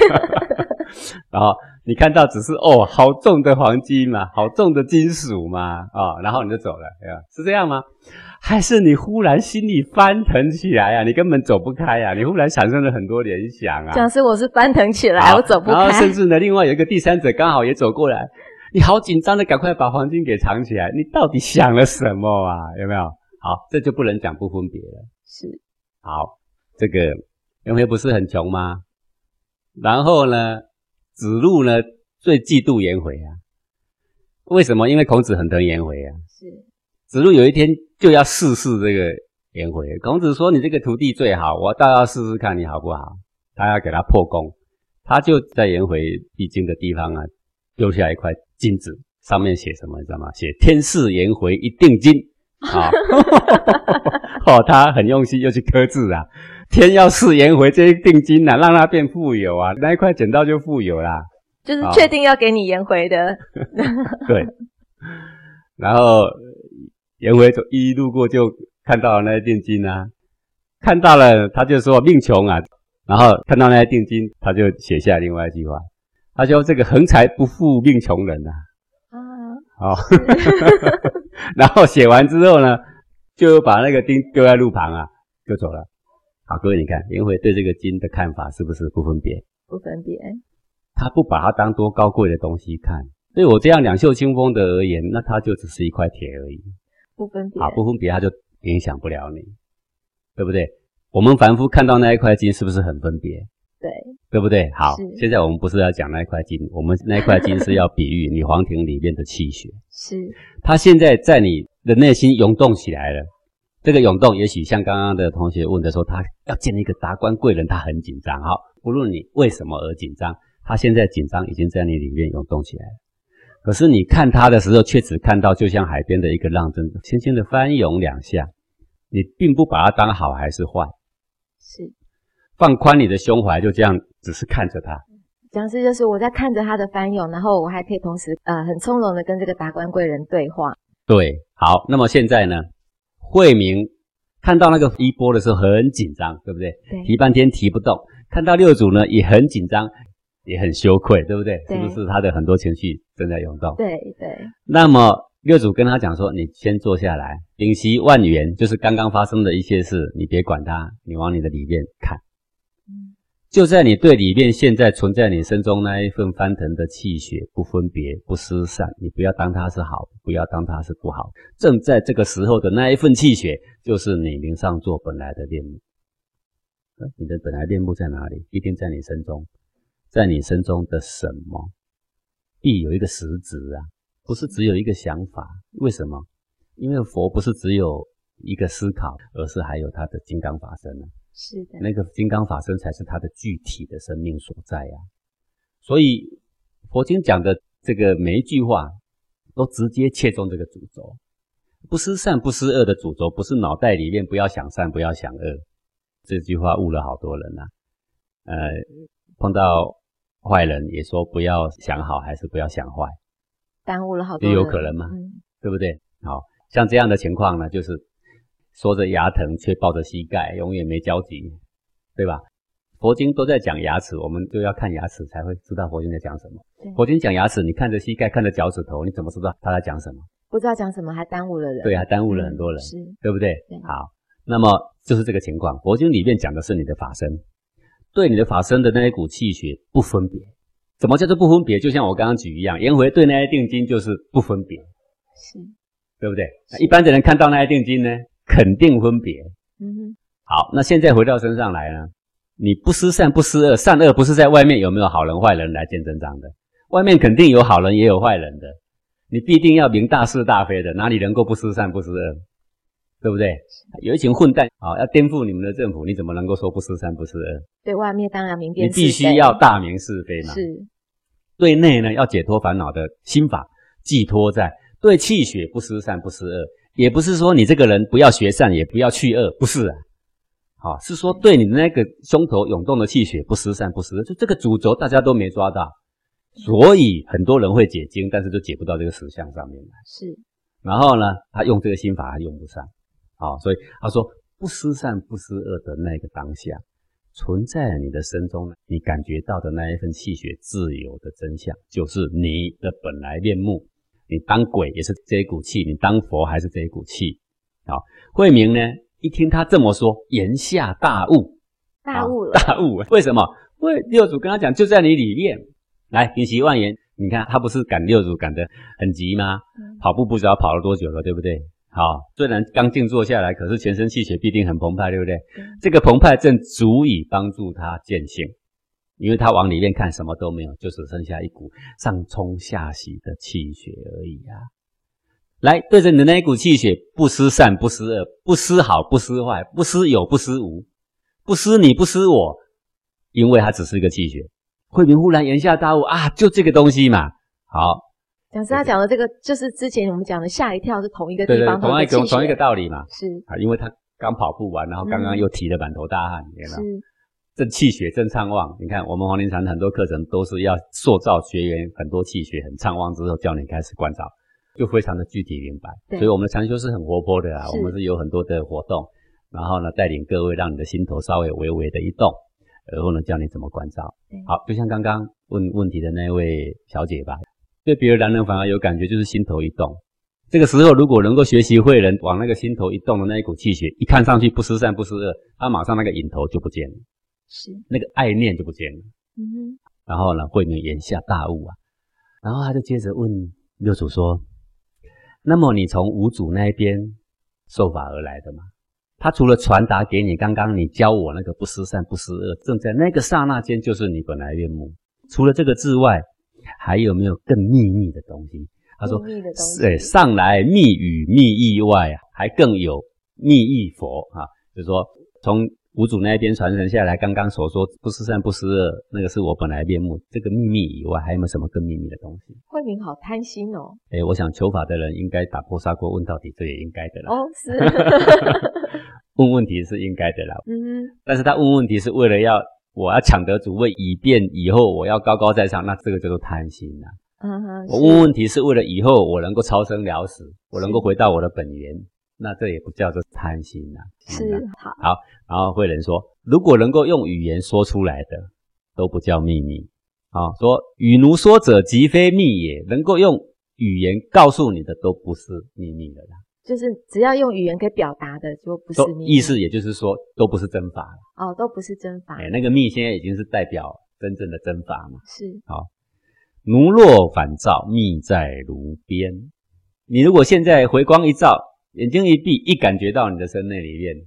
然後你看到只是哦，好重的黃金嘛，好重的金屬嘛，啊，然後你就走了，是這樣嗎？還是你忽然心裡翻騰起來呀、啊？你根本走不開呀、啊？你忽然產生了很多聯想啊？假設我是翻騰起來，我走不開。然後甚至呢，另外有一個第三者剛好也走過來，你好緊張的，趕快把黃金給藏起來。你到底想了什麼啊？有沒有？好，這就不能講不分別了。是，好，這個有沒有不是很窮嗎？然後呢，子路呢最嫉妒顏回啊？為什麼？因為孔子很疼顏回啊。是。子路有一天就要試試這個顏回。孔子說：“你這個徒弟最好，我倒要試試看你好不好。”他要給他破功，他就在顏回必經的地方啊，丟下一塊金子，上面寫什麼你知道嗎？寫“天賜顏回一錠金”啊、哦。 哦，他很用心，又去刻字啊。天要賜顏回這些定金吶、啊，讓他變富有啊！那一塊撿到就富有啦、啊，就是確定要給你顏回的。 對。然後顏回一,一路過就看到了那些定金啊，看到了他就說命窮啊。然後看到那些定金，他就寫下另外一句話，他就說：“這個橫財不富命窮人啊。”嗯。好。 然後寫完之後呢，就把那個釘丟在路旁啊，就走了。好，各位，你看，顏回對這個金的看法是不是不分別？不分別，他不把它當多高貴的東西看。對我這樣兩袖清風的而言，那它就只是一塊鐵而已。不分別，好，不分別，它就影響不了你，對不對？我們凡夫看到那一塊金，是不是很分別？對，對不對？好，現在我們不是要講那一塊金，我們那一塊金是要比喻你黃庭裡面的氣血， 是它現在在你的內心湧動起來了。這個湧動，也許像剛剛的同學問的說，他要見一個達官貴人，他很緊張。好，不論你為什麼而緊張，他現在緊張已經在你裡面湧動起來了。可是你看他的時候，卻只看到就像海邊的一個浪，正輕輕的翻湧兩下。你並不把它當好還是壞，是放寬你的胸懷，就這樣，只是看着他。講師就是我在看着他的翻湧，然後我還可以同時呃很從容的跟這個達官貴人對話。對，好，那麼現在呢？惠明看到那個衣缽的時候很緊張，對不對？對。提半天提不動。看到六祖呢也很緊張，也很羞愧，對不對？對。是不是他的很多情緒正在湧動？對對。那麼六祖跟他講說：“你先坐下來，摒息萬緣，就是剛剛發生的一些事，你別管它，你往你的裡面看。”就在你對裡面現在存在你身中那一份翻騰的氣血，不分別，不思善，你不要當它是好，不要當它是不好。正在這個時候的那一份氣血，就是你明上座本來的面目。你的本來面目在哪裡？一定在你身中，在你身中的什麼？必有一個實質啊，不是只有一個想法。為什麼？因為佛不是只有一個思考，而是還有他的金剛法身啊。是的，那個金剛法身才是他的具體的生命所在呀。所以佛經講的這個每一句話，都直接切中這個主軸，不思善不思惡的主軸，不是腦袋裡面不要想善，不要想惡。這句話誤了好多人吶。呃，碰到壞人也說不要想好還是不要想壞，耽誤了好多，也有可能嗎？對不對？好，像這樣的情況呢，就是。說着牙疼，卻抱着膝蓋，永遠沒交集，對吧？佛經都在講牙齒，我們就要看牙齒才會知道佛經在講什麼。對。佛經講牙齒，你看着膝蓋，看着腳趾頭，你怎麼知道他在講什麼？不知道講什麼，還耽誤了人。對，還耽誤了很多人，嗯，是。對不對？對。好，那麼就是這個情況。佛經裡面講的是你的法身，對你的法身的那一股氣血不分別。怎麼叫做不分別？就像我剛剛舉一樣，顏回對那些定金就是不分別，是，對不對？一般的人看到那些定金呢？肯定分別，嗯哼，好，那現在回到身上來呢？你不思善不思惡，善惡不是在外面有沒有好人壞人來見真章的？外面肯定有好人也有壞人的，你必定要明大是大非的，哪裡能夠不思善不思惡？對不對？有一群混蛋啊，要顛覆你們的政府，你怎麼能夠說不思善不思惡？對外面當然明辨是非，你必須要大明是非嘛。是，對內呢，要解脫煩惱的心法，寄托在對氣血不思善不思惡。也不是說你這個人不要學善，也不要去惡，不是啊，好，是說對你那個胸口湧動的氣血不思善不思惡，就這個主軸大家都沒抓到，所以很多人會解經，但是都解不到這個實相上面來。是，然後呢，他用這個心法還用不上，啊，所以他說不思善不思惡的那個當下存在你的身中，你感覺到的那一份氣血自由的真相，就是你的本來面目。你當鬼也是這一股氣，你當佛還是這一股氣。好，慧明呢？一聽他這麼說，言下大悟，大悟了，大悟。為什麼？因為六祖跟他講，就在你裡面。來，屏息萬緣。你看他不是趕六祖趕得很急嗎？跑步不知道跑了多久了，對不對？好，雖然剛靜坐下來，可是全身氣血必定很澎湃，對不對？對這個澎湃正足以幫助他見性。因為他往裡面看什麼都沒有，就只、是、剩下一股上衝下洗的氣血而已啊！來對着你的那一股氣血，不思善，不思惡，不思好，不思壞，不思有，不思無，不思你，不思我，因為它只是一個氣血。惠明忽然言下大悟啊！就這個東西嘛。好，講師他講的這個就是之前我們講的嚇一跳是同一個地方，對對同一個同一個道理嘛。是因為他剛跑步完，然後剛剛又提了滿頭大汗，嗯、你正氣血正暢旺，你看我們黃庭禪很多課程都是要塑造學員很多氣血很暢旺之後，教你開始觀照，就非常的具體明白。對，所以我們的禪修是很活潑的啊，我們是有很多的活動，然後呢帶領各位，讓你的心頭稍微微微的一動，然後呢教你怎麼觀照。好，就像剛剛問問題的那位小姐吧，對別的男人反而有感覺，就是心頭一動。這個時候如果能夠學習會人，往那個心頭一動的那一股氣血，一看上去不思善不思惡，他馬上那個影頭就不見了。是那個愛念就不見了。嗯、然後呢，惠明言下大悟啊，然後他就接着問六祖說：“那麼你從五祖那邊受法而來的嗎？他除了傳達給你剛剛你教我那個不思善不思惡，正在那個剎那間就是你本來面目。除了這個之外，還有沒有更秘密的、的東西？”他說：“上來密語密意外、啊，還更有密意佛啊，就是說從。”五祖那一邊傳承下來，剛剛所說不思善不思惡，那個是我本來面目，這個秘密以外，還有沒有什麼更秘密的東西？慧明，好貪心哦！誒，我想求法的人應該打破砂鍋問到底，這也應該的啦。哦，是， 問問題是應該的啦。嗯，但是他問問題是為了要我要搶得主位，以便以後我要高高在上，那這個叫做貪心啦、嗯。我問問題是為了以後我能夠超生了死，我能夠回到我的本源。那這也不叫做貪心了、啊。是好，、嗯啊、好，然後慧能說，如果能夠用語言說出來的，都不叫秘密好、哦，說與汝說者，即非密也。能夠用語言告訴你的，都不是秘密了。啦。就是只要用語言可以表達的，就不是秘密。意思也就是說，都不是真法了。哦，都不是真法。欸、那個密現在已經是代表真正的真法嘛。是好，汝若返照，密在汝邊。你如果現在回光一照，眼睛一閉，一感覺到你的身內裡面，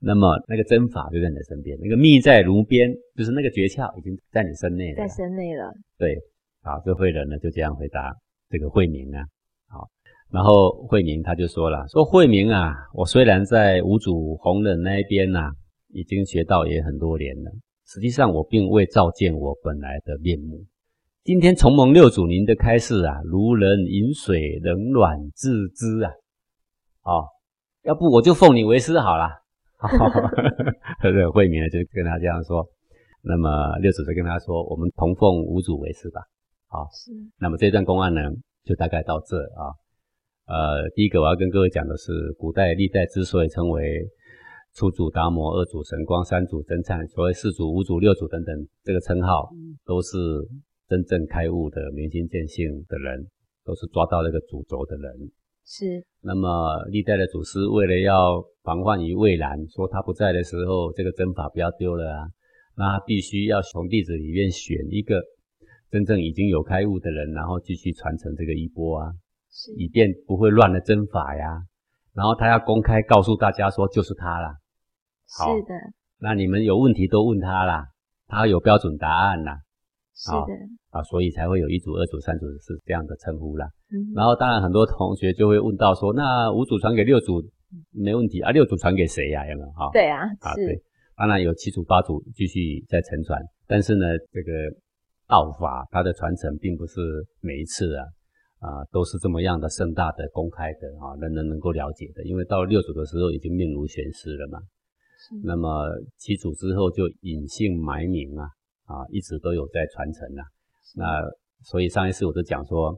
那麼那個真法就在你的身邊，那個密在汝邊，就是那個訣竅已經在你身內了。在身內了。對，好，這慧能呢就這樣回答這個慧明啊，好，然後慧明他就說了，說慧明啊，我雖然在五祖弘忍那邊吶、啊，已經學道也很多年了，實際上我並未照見我本來的面目。今天重蒙六祖您的開示啊，如人飲水，冷暖自知啊。哦，要不我就奉你為師好了。哈哈哈哈哈！慧明就跟他這樣說。那麼六祖就跟他說：“我們同奉五祖為師吧。”好，是。那麼這段公案呢，就大概到這啊。呃，第一個我要跟各位講的是，古代歷代之所以稱為初祖達摩、二祖神光、三祖僧璨，所謂四祖、五祖、六祖等等這個稱號，嗯、都是真正開悟的、明心見性的人，都是抓到那個主軸的人。是，那麼歷代的祖師為了要防患於未然，說他不在的時候，這個真法不要丟了啊，那他必須要從弟子裡面選一個真正已經有開悟的人，然後繼續傳承這個衣缽啊，是。以便不會亂了真法呀。然後他要公開告訴大家說，就是他啦。好。是的，那你們有問題都問他啦，他有標準答案啦。啊、哦，啊，所以才會有一祖、二祖、三祖是這樣的稱呼啦。嗯、然後當然很多同學就會問到說，那五祖傳給六祖沒問題啊？六祖傳給誰呀、啊哦？對啊，啊對。當然有七祖、八祖繼續在承傳，但是呢，這個道法它的傳承並不是每一次啊啊都是這麼樣的盛大的、公開的啊，人人能夠了解的。因為到了六祖的時候已經命如懸絲了嘛。是那麼七祖之後就隱姓埋名啊。啊，一直都有在傳承吶、啊。那所以上一次我就講說，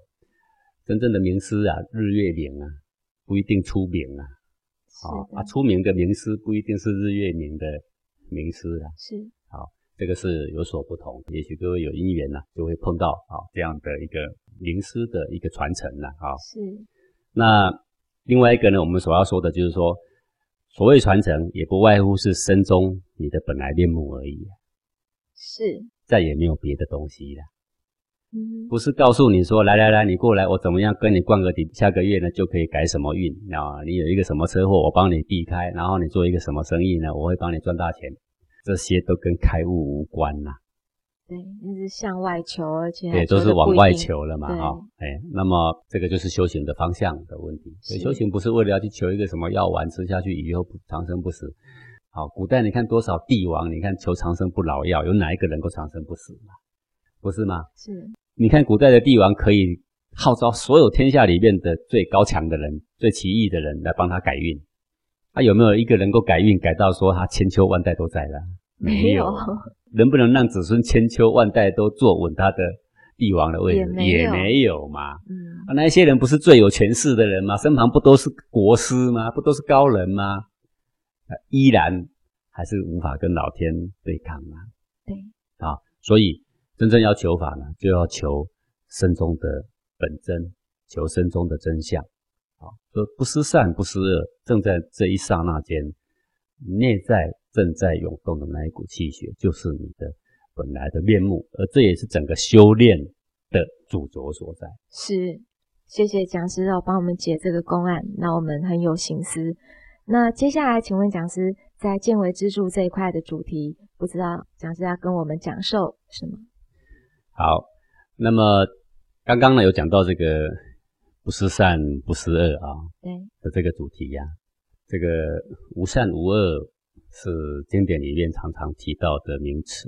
真正的明師啊，日月明啊，不一定出名啊。啊，出名的名師不一定是日月明的明師啊。是。好，這個是有所不同。也許各位有因緣呢、啊，就會碰到啊這樣的一個明師的一個傳承了啊。是。那另外一個呢，我們所要說的就是說，所謂傳承，也不外乎是身中你的本來面目而已。是，再也沒有別的東西了。嗯，不是告訴你說，來來來，你過來，我怎麼樣跟你灌個頂，下個月呢就可以改什麼運。你有一個什麼車禍，我幫你避開；然後你做一個什麼生意呢，我會幫你賺大錢。這些都跟開悟無關吶。對，那是向外求，而且也都是往外求了嘛。哈，哎、哦，那麼這個就是修行的方向的問題。修行不是為了要去求一個什麼藥丸，吃下去以後長生不死。好，古代你看多少帝王，你看求長生不老藥，有哪一個能夠長生不死？不是嗎？是，你看古代的帝王可以號召所有天下裡面的最高強的人、最奇異的人來幫他改運，他、啊、有沒有一個能夠改運改到說他千秋萬代都在了？沒有，能不能讓子孫千秋萬代都坐穩他的帝王的位置？也沒有,也沒有嘛、嗯啊。那一些人不是最有權勢的人嗎？身旁不都是國師嗎？不都是高人嗎？依然還是無法跟老天對抗啊！對啊，所以真正要求法呢，就要求生中的本真，求生中的真相。啊，不不思善，不思惡，正在這一剎那間，內在正在湧動的那一股氣血，就是你的本來的面目，而這也是整個修煉的主軸所在。是，謝謝講師道幫我們解這個公案，那我們很有心思。那接下來，請問講師在見微知著這一塊的主題，不知道講師要跟我們講授什麼？好，那麼剛剛呢，有講到這個不思善不思惡啊，對，的這個主題呀、啊，這個無善無惡是經典裡面常常提到的名詞。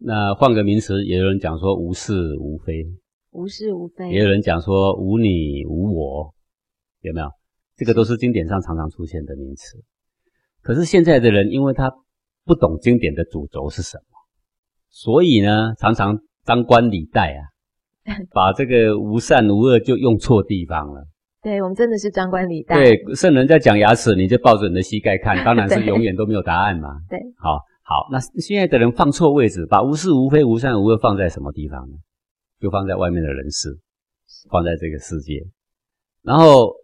那換個名詞，也有人講說無是無非，無是無非，也有人講說無你無我，有沒有？這個都是經典上常常出現的名詞，可是現在的人因為他不懂經典的主軸是什麼，所以呢常常張冠李戴啊，把這個無善無惡就用錯地方了。對，我們真的是張冠李戴。對，聖人在講牙齒，你就抱着你的膝蓋看，當然是永遠都沒有答案嘛。對，對，好，好，那現在的人放錯位置，把無是無非無善無惡放在什麼地方呢？就放在外面的人事，放在這個世界，然後。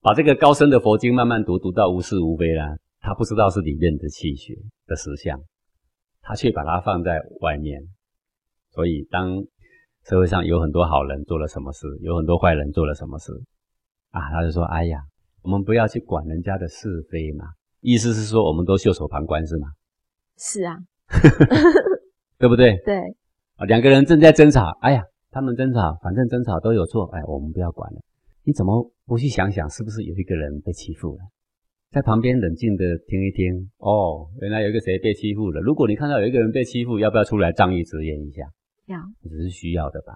把這個高深的佛經慢慢讀，讀到無是無非啦，他不知道是裡面的氣血的實相，他卻把它放在外面。所以當社會上有很多好人做了什麼事，有很多壞人做了什麼事，啊，他就說：哎呀，我們不要去管人家的是非嘛。意思是說，我們都袖手旁觀是嗎？是啊，呵呵呵，對不對？對。啊，兩個人正在爭吵，哎呀，他們爭吵，反正爭吵都有錯，哎，我們不要管了。你怎麼不去想想，是不是有一個人被欺負了，在旁邊冷靜地聽一聽。哦，原來有一個誰被欺負了。如果你看到有一個人被欺負，要不要出來仗義執言一下？要，Yeah，只是需要的吧。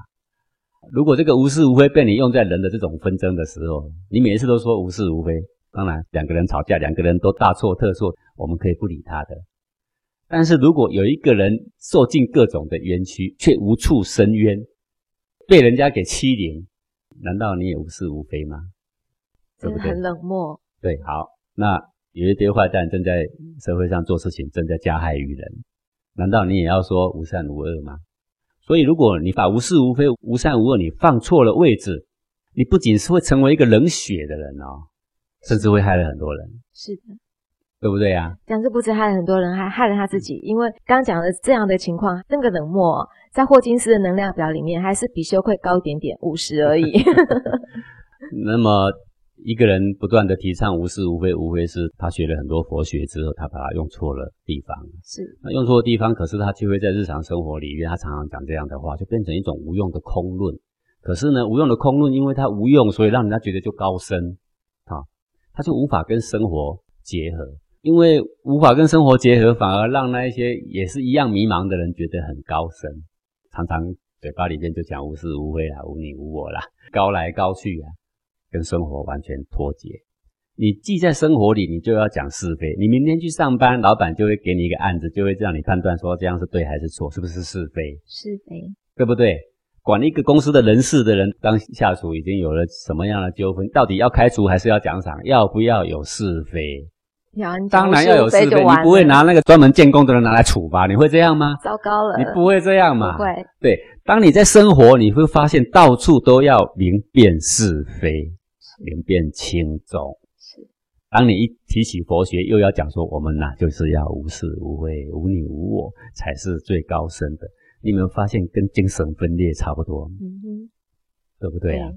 如果這個無是無非被你用在人的這種紛爭的時候，你每一次都說無是無非，當然兩個人吵架，兩個人都大錯特錯，我們可以不理他的。但是如果有一個人受盡各種的冤屈，卻無處伸冤，被人家給欺凌，難道你也無是無非嗎？是不是很冷漠？對不對？對，好。那有一堆壞蛋正在社會上做事情，正在加害於人。難道你也要說無善無惡嗎？所以，如果你把無是無非，無善無惡你放錯了位置，你不僅是會成為一個冷血的人哦，甚至會害了很多人。是的。是的對不對啊？講這不止害了很多人，還害了他自己。因為剛剛講的這樣的情況，那個冷漠，在霍金斯的能量表裡面，還是比羞愧高一點點，五十而已 。 那麼一個人不斷的提倡無是無非，無非是他學了很多佛學之後，他把它用錯了地方是。是那用錯地方，可是他就會在日常生活裡面，他常常講這樣的話，就變成一種無用的空論。可是呢，無用的空論，因為他無用，所以讓人家覺得就高深哈、啊，他就無法跟生活結合。因為無法跟生活結合，反而讓那一些也是一樣迷茫的人覺得很高深。常常嘴巴裡面就講無是無非啦，無你無我啦，高來高去啊，跟生活完全脫節。你既在生活裡，你就要講是非。你明天去上班，老闆就會給你一個案子，就會讓你判斷說這樣是對還是錯，是不是是非？是非，對不對？管一個公司的人事的人，當下屬已經有了什麼樣的糾紛，到底要開除還是要獎賞？要不要有是非？當然要有是非，你不會拿那個專門建功的人拿來處罰，你會這樣嗎？糟糕了，你不會這樣嘛？會，對，當你在生活，你會發現到處都要明辨是非，明辨輕重。是，當你一提起佛學，又要講說，我們吶就是要無是無非，無你無我，才是最高深的。你有沒有發現跟精神分裂差不多？嗯嗯哼，對不對呀？啊？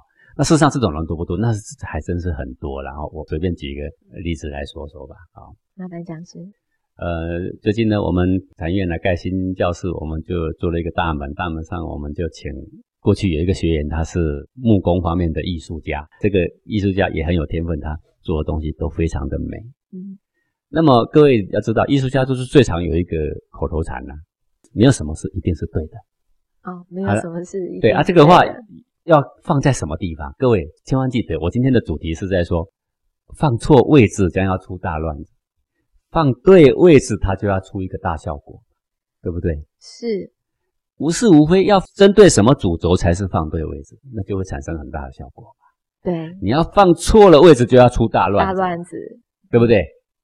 好。那事實上，這種人多不多？那還真是很多。然後我隨便舉一個例子來說說吧。好，哪位講師？呃，最近呢，我們禪院呢蓋新教室，我們就做了一個大門。大門上我們就請過去有一個學員，他是木工方面的藝術家。這個藝術家也很有天分，他做的東西都非常的美。嗯。那麼各位要知道，藝術家就是最常有一個口頭禪了、啊，沒有什麼是一定是對的。哦，沒有什麼是，一定是對，的啊，對、嗯、啊，這個話。要放在什麼地方？各位，千萬記得，我今天的主題是在說，放錯位置將要出大亂子，放對位置它就要出一個大效果，對不對？是，無是無非，要針對什麼主軸才是放對位置，那就會產生很大的效果。對，你要放錯了位置就要出大亂子大亂子，對不對？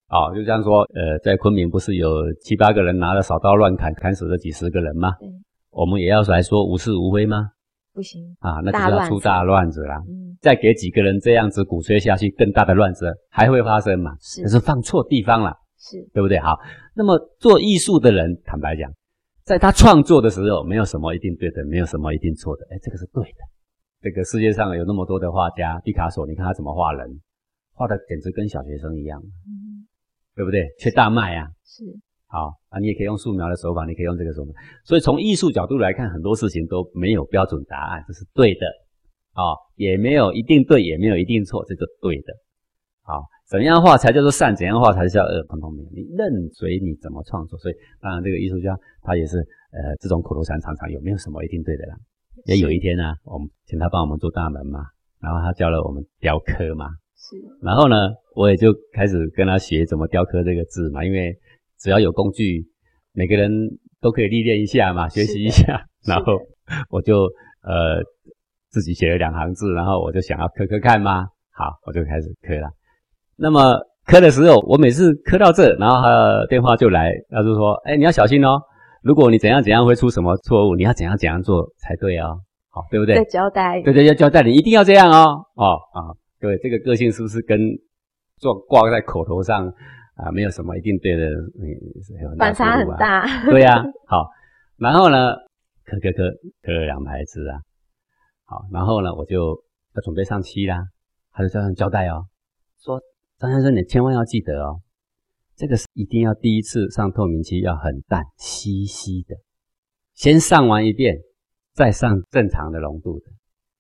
啊、哦，就像說，呃，在昆明不是有七八個人拿了掃刀亂砍，砍死了幾十個人嗎？對，我們也要來說無是無非嗎？不行啊，那就是要出大亂子啦，大亂子了。嗯，再給幾個人這樣子鼓吹下去，更大的亂子還會發生嘛。是，可是放錯地方了，是，對不對？好，那麼做藝術的人，坦白講，在他創作的時候，沒有什麼一定對的，沒有什麼一定錯的。哎，這個是對的。這個世界上有那麼多的畫家，畢卡索，你看他怎麼畫人，畫的簡直跟小學生一樣，嗯，對不對？卻大賣啊，是。是好啊，你也可以用素描的手法，你可以用這個手法。所以從藝術角度來看，很多事情都沒有標準答案，這是對的啊，哦，也沒有一定對，也沒有一定錯，這就對的。好，哦，怎樣畫才叫做善？怎樣畫才叫惡。光通明？你任隨你怎麼創作。所以當然，這個藝術家他也是呃，這種口頭禪常常有沒有什麼一定對的啦？也有一天呢，我們請他幫我們做大門嘛，然後他教了我們雕刻嘛，是。然後呢，我也就開始跟他學怎麼雕刻這個字嘛，因為。只要有工具，每個人都可以歷練一下嘛，學習一下。然後我就呃自己寫了兩行字，然後我就想要磕磕看嘛。好，我就開始磕了。那麼磕的時候，我每次磕到這，然後他的電話就來，他就說：“哎、欸，你要小心哦，如果你怎樣怎樣會出什麼錯誤，你要怎樣怎樣做才對哦。」好，對不對？在交代。對對，要交代你一定要這樣哦。哦啊，位、哦，這個個性是不是跟做掛在口頭上？啊，沒有什麼一定對的，嗯，反差、啊、很大。 對呀、啊，好，然後呢，磕磕磕磕了兩排字啊，好，然後呢，我就要準備上漆啦，他就這樣交代哦，說張先生，你千萬要記得哦，這個是一定要第一次上透明漆要很淡稀稀的，先上完一遍，再上正常的濃度的。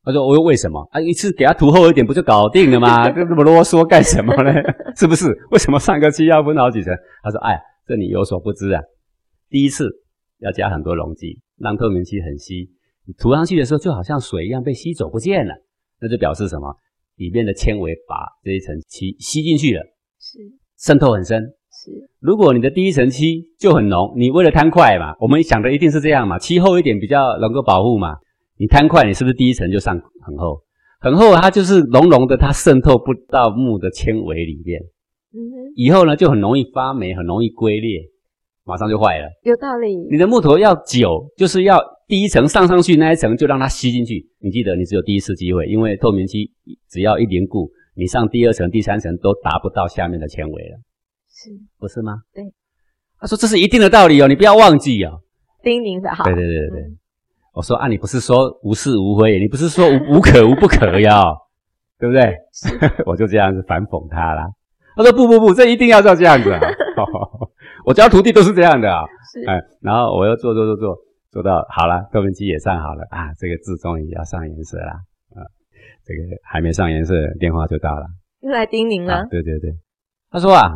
他說：“我說為什麼啊？一次給它塗厚一點不就搞定了嗎？ 這麼囉嗦幹什麼呢？是不是？為什麼上個漆要分好幾層？”他說哎呀：“哎，這你有所不知啊。第一次要加很多溶劑，讓透明漆很稀。你塗上去的時候就好像水一樣被吸走不見了。那就表示什麼？裡面的纖維把這一層漆吸進去了，是滲透很深。是，如果你的第一層漆就很濃，你為了貪快嘛，我們想的一定是這樣嘛，漆厚一點比較能夠保護嘛。”你貪快你是不是第一層就上很厚、很厚？它就是濃濃的，它滲透不到木的纖維裡面。嗯哼，以後呢就很容易發霉，很容易龜裂，馬上就壞了。有道理。你的木頭要久，就是要第一層上上去那一層就讓它吸進去。你記得，你只有第一次機會，因為透明漆只要一凝固，你上第二層、第三層都達不到下面的纖維了。是，不是嗎？對。他說這是一定的道理哦，你不要忘記哦。叮嚀的好。對對對對對。嗯我說啊，你不是說無是無非，你不是說無,無可無不可呀， 對不對？ 我就這樣子反諷他了。他說不不不，這一定要照這樣子啊。 我教徒弟都是這樣的啊。是哎、然後我又做做做做做到好了，透明漆也上好了啊，這個字終於要上顏色了啊。這個還沒上顏色，電話就到了，又來叮嚀了、啊。對對對，他說啊，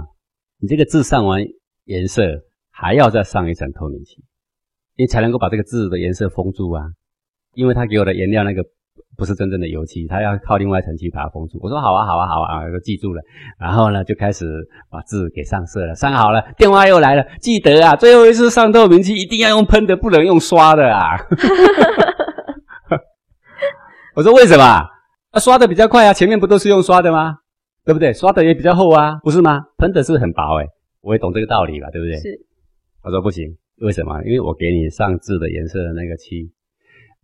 你這個字上完顏色，還要再上一層透明漆。你才能夠把這個字的顏色封住啊，因為他給我的顏料那個不是真正的油漆，他要靠另外一層漆把它封住。我說好啊，好啊，好啊，就記住了。然後呢，就開始把字給上色了，上好了，電話又來了，記得啊，最後一次上透明漆一定要用噴的，不能用刷的啊。 我說為什麼啊？啊？刷的比較快啊，前面不都是用刷的嗎？對不對？刷的也比較厚啊，不是嗎？噴的是很薄哎、欸，我也懂這個道理吧，對不對？是。我說不行。為什麼？因為我給你上字的顏色的那個漆，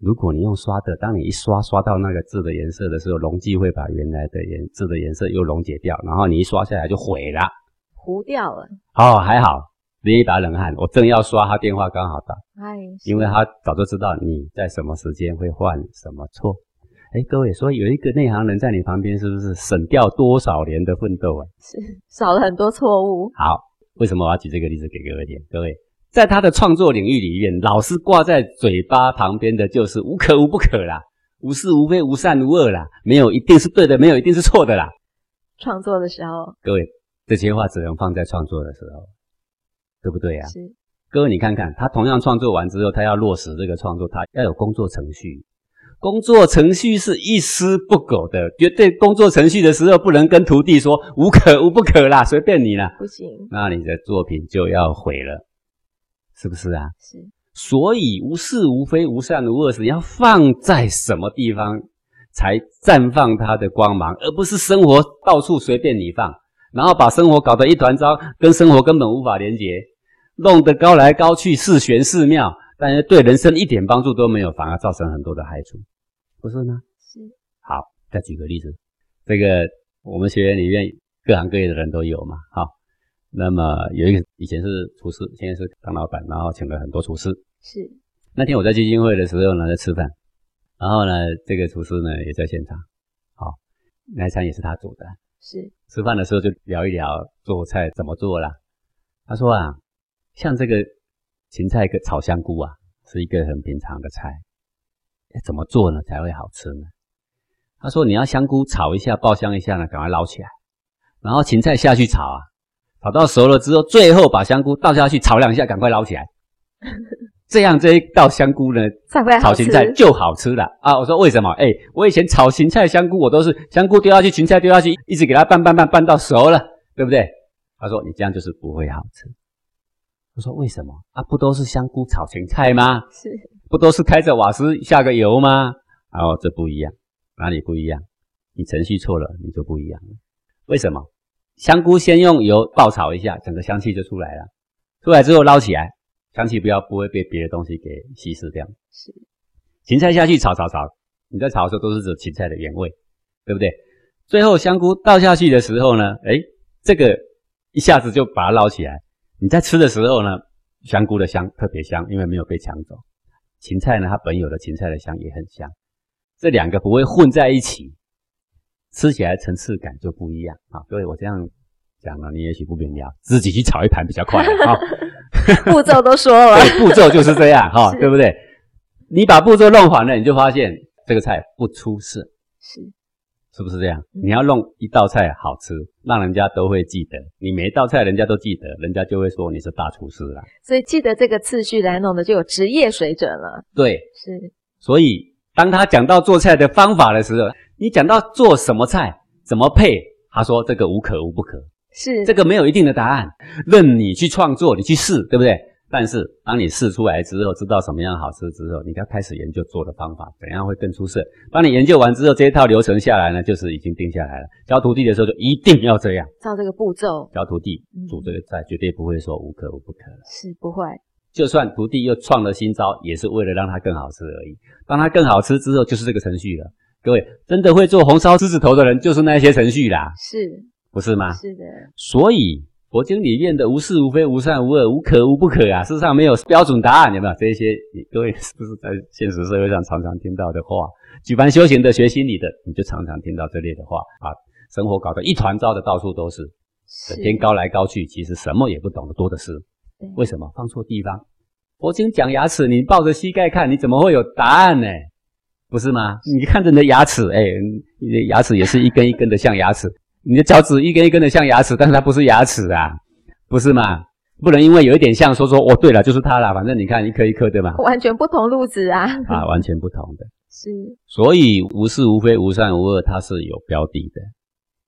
如果你用刷的，當你一刷刷到那個字的顏色的時候，溶劑會把原來的顏字的顏色又溶解掉，然後你一刷下來就毀了，糊掉了。哦，還好，你一把冷汗，我正要刷他電話剛好打，嗨，nice，因為他早就知道你在什麼時間會犯什麼錯。哎，各位，說有一個內行人在你旁邊，是不是省掉多少年的奮鬥啊？是，少了很多錯誤。好，為什麼我要舉這個例子給各位聽？各位。在他的創作領域裡面，老是掛在嘴巴旁邊的就是無可無不可啦，無是無非，無善無惡啦，沒有一定是對的，沒有一定是錯的啦。創作的時候，各位，這些話只能放在創作的時候，對不對呀？是。各位你看看，他同樣創作完之後，他要落實這個創作，他要有工作程序，工作程序是一絲不苟的，絕對工作程序的時候不能跟徒弟說無可無不可啦，隨便你啦，不行，那你的作品就要毀了。是不是啊？是，所以無是無非無善無惡，時你要放在什麼地方才綻放它的光芒，而不是生活到處隨便你放，然後把生活搞得一團糟，跟生活根本無法連結，弄得高來高去是玄是妙，但是對人生一點幫助都沒有，反而造成很多的害處，不是嗎？是。好，再舉個例子，這個我們學院裡面各行各業的人都有嘛，好。那麼有一個以前是廚師，現在是當老板，然後請了很多廚師。是。那天我在基金會的時候呢，在吃飯，然後呢，這個廚師呢也在現場。好、哦，那一餐也是他煮的。是。吃飯的時候就聊一聊做菜怎麼做啦。他說啊，像這個芹菜跟炒香菇啊，是一個很平常的菜。怎麼做呢才會好吃呢？他說你要香菇炒一下，爆香一下呢，趕快撈起來，然後芹菜下去炒啊。炒到熟了之後，最後把香菇倒下去炒兩下，趕快撈起來， 這樣這一道香菇呢，炒芹菜就好吃了啊！我說為什麼？哎、欸，我以前炒芹菜香菇，我都是香菇丟下去，芹菜丟下去，一直給它拌拌拌拌，拌到熟了，對不對？他說你這樣就是不會好吃。我說為什麼啊？不都是香菇炒芹菜嗎？是，不都是開着瓦斯下個油嗎？哦、啊，這不一樣，哪裡不一樣？你程序錯了，你就不一樣了。為什麼？香菇先用油爆炒一下，整個香氣就出來了。出來之後撈起來，香氣不要不會被別的東西給稀釋掉。是，芹菜下去炒炒炒，你在炒的時候都是指芹菜的原味，對不對？最後香菇倒下去的時候呢，哎，這個一下子就把它撈起來。你在吃的時候呢，香菇的香特別香，因為沒有被搶走。芹菜呢，它本有的芹菜的香也很香，這兩個不會混在一起。吃起來層次感就不一樣啊！各位，我這樣講了，你也許不免要自己去炒一盤比較快 步驟都說了，對，步驟就是這樣哈，對不對？你把步驟弄反了，你就發現這個菜不出色。是，是不是這樣、嗯？你要弄一道菜好吃，讓人家都會記得。你每一道菜人家都記得，人家就會說你是大廚師了。所以記得這個次序來弄的，就有職業水準了。對，是。所以當他講到做菜的方法的時候。你講到做什麼菜怎麼配，他說這個無可無不可，是這個沒有一定的答案，任你去創作，你去試，對不對？但是當你試出來之後，知道什麼樣好吃之後，你就要開始研究做的方法，怎樣會更出色。當你研究完之後，這一套流程下來呢，就是已經定下來了。教徒弟的時候就一定要這樣，照這個步驟教徒弟煮這個菜，嗯，絕對不會說無可無不可，是不會。就算徒弟又創了新招，也是為了讓它更好吃而已。當它更好吃之後，就是這個程序了。各位真的會做紅燒獅子頭的人，就是那些程序啦，是不是嗎？是的。所以佛經裡面的無是無非、無善無惡、無可無不可啊，事實上沒有標準答案，有沒有？這些各位是不是在現實社會上常常聽到的話？舉辦修行的、學心理的，你就常常聽到這類的話啊，生活搞得一團糟的到處都是，整天高來高去，其實什麼也不懂的多的是。是的。為什麼放錯地方？佛經講牙齒，你抱着膝蓋看，你怎麼會有答案呢？不是嗎？你看着你的牙齒，哎、欸，你的牙齒也是一根一根的像牙齒， 你的腳趾一根一根的像牙齒，但是它不是牙齒啊，不是嗎？不能因為有一點像說說哦，對了，就是它啦，反正你看一顆一顆，對嗎？完全不同路子啊！啊，完全不同的，是。所以無是無非無善無惡，它是有標的的，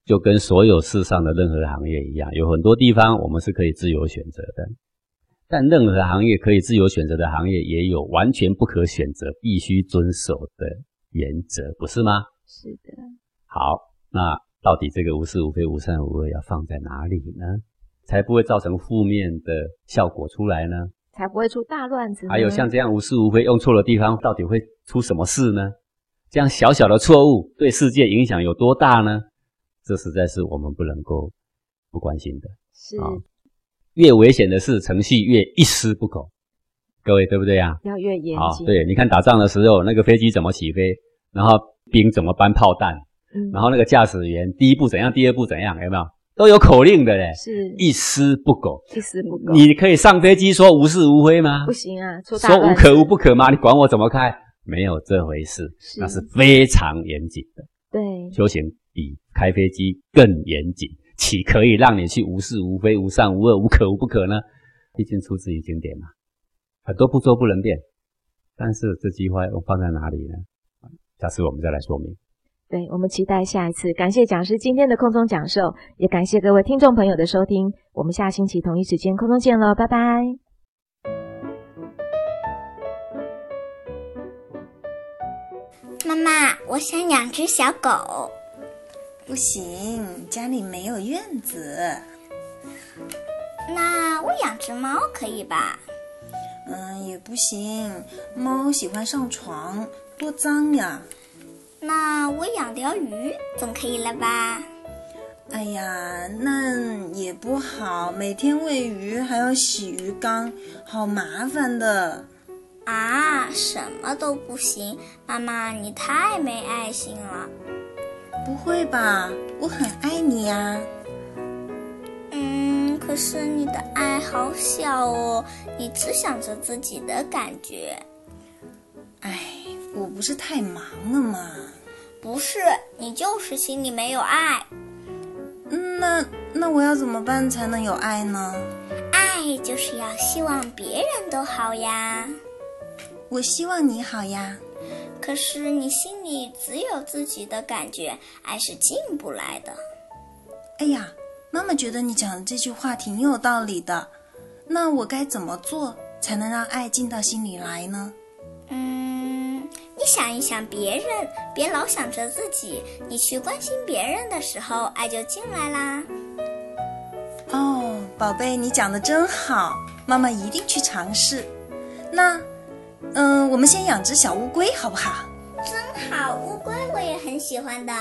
就跟所有世上的任何行業一樣，有很多地方我們是可以自由選擇的。但任何行業可以自由選擇的行業，也有完全不可選擇、必須遵守的原則，不是嗎？是的。好，那到底這個無是無非、無善無惡要放在哪裡呢？才不會造成負面的效果出來呢？才不會出大亂子？還有像這樣無是無非用錯的地方，到底會出什麼事呢？這樣小小的錯誤對世界影響有多大呢？這實在是我們不能夠不關心的。是的。哦。越危險的事，程序越一絲不苟。各位對不對啊？要越嚴謹。好，對，你看打仗的時候，那個飛機怎麼起飛，然後兵怎麼搬炮彈、嗯，然後那個駕駛員第一步怎樣，第二步怎樣，有沒有？都有口令的嘞，是一絲不苟。一絲不苟。你可以上飛機說無是無非嗎？不行啊，說說無可無不可嗎？你管我怎麼開？沒有這回事，是那是非常嚴謹的。對，修行比開飛機更嚴謹。豈可以讓你去無是無非、無善無惡、無可無不可呢？畢竟出自於經典嘛，很多步驟不能變，但是這機會我放在哪裡呢？下次我們再來說明。對，我們期待下一次。感謝講師今天的空中講授，也感謝各位聽眾朋友的收聽。我們下星期同一時間空中見嘍，拜拜。媽媽，我想養隻小狗。不行，家裡沒有院子。那我養隻貓可以吧？嗯，也不行，貓喜歡上床，多髒呀。那我養條魚總可以了吧？哎呀，那也不好，每天餵魚還要洗魚缸，好麻煩的。啊，什麼都不行，媽媽，你太沒愛心了。不會吧，我很愛你呀、啊。嗯，可是你的愛好小哦，你只想着自己的感覺。哎，我不是太忙了嗎？不是，你就是心裡沒有愛。嗯、那那我要怎麼辦才能有愛呢？愛就是要希望別人都好呀。我希望你好呀。可是你心裡只有自己的感覺，愛是進不來的。哎呀，媽媽覺得你講的這句話挺有道理的。那我該怎麼做才能讓愛進到心裡來呢？嗯，你想一想別人，別老想着自己。你去關心別人的時候，愛就進來啦。哦，寶貝，你講得真好，媽媽一定去嘗試。那。嗯、呃，我們先養隻小烏龜，好不好？真好，烏龜我也很喜歡的。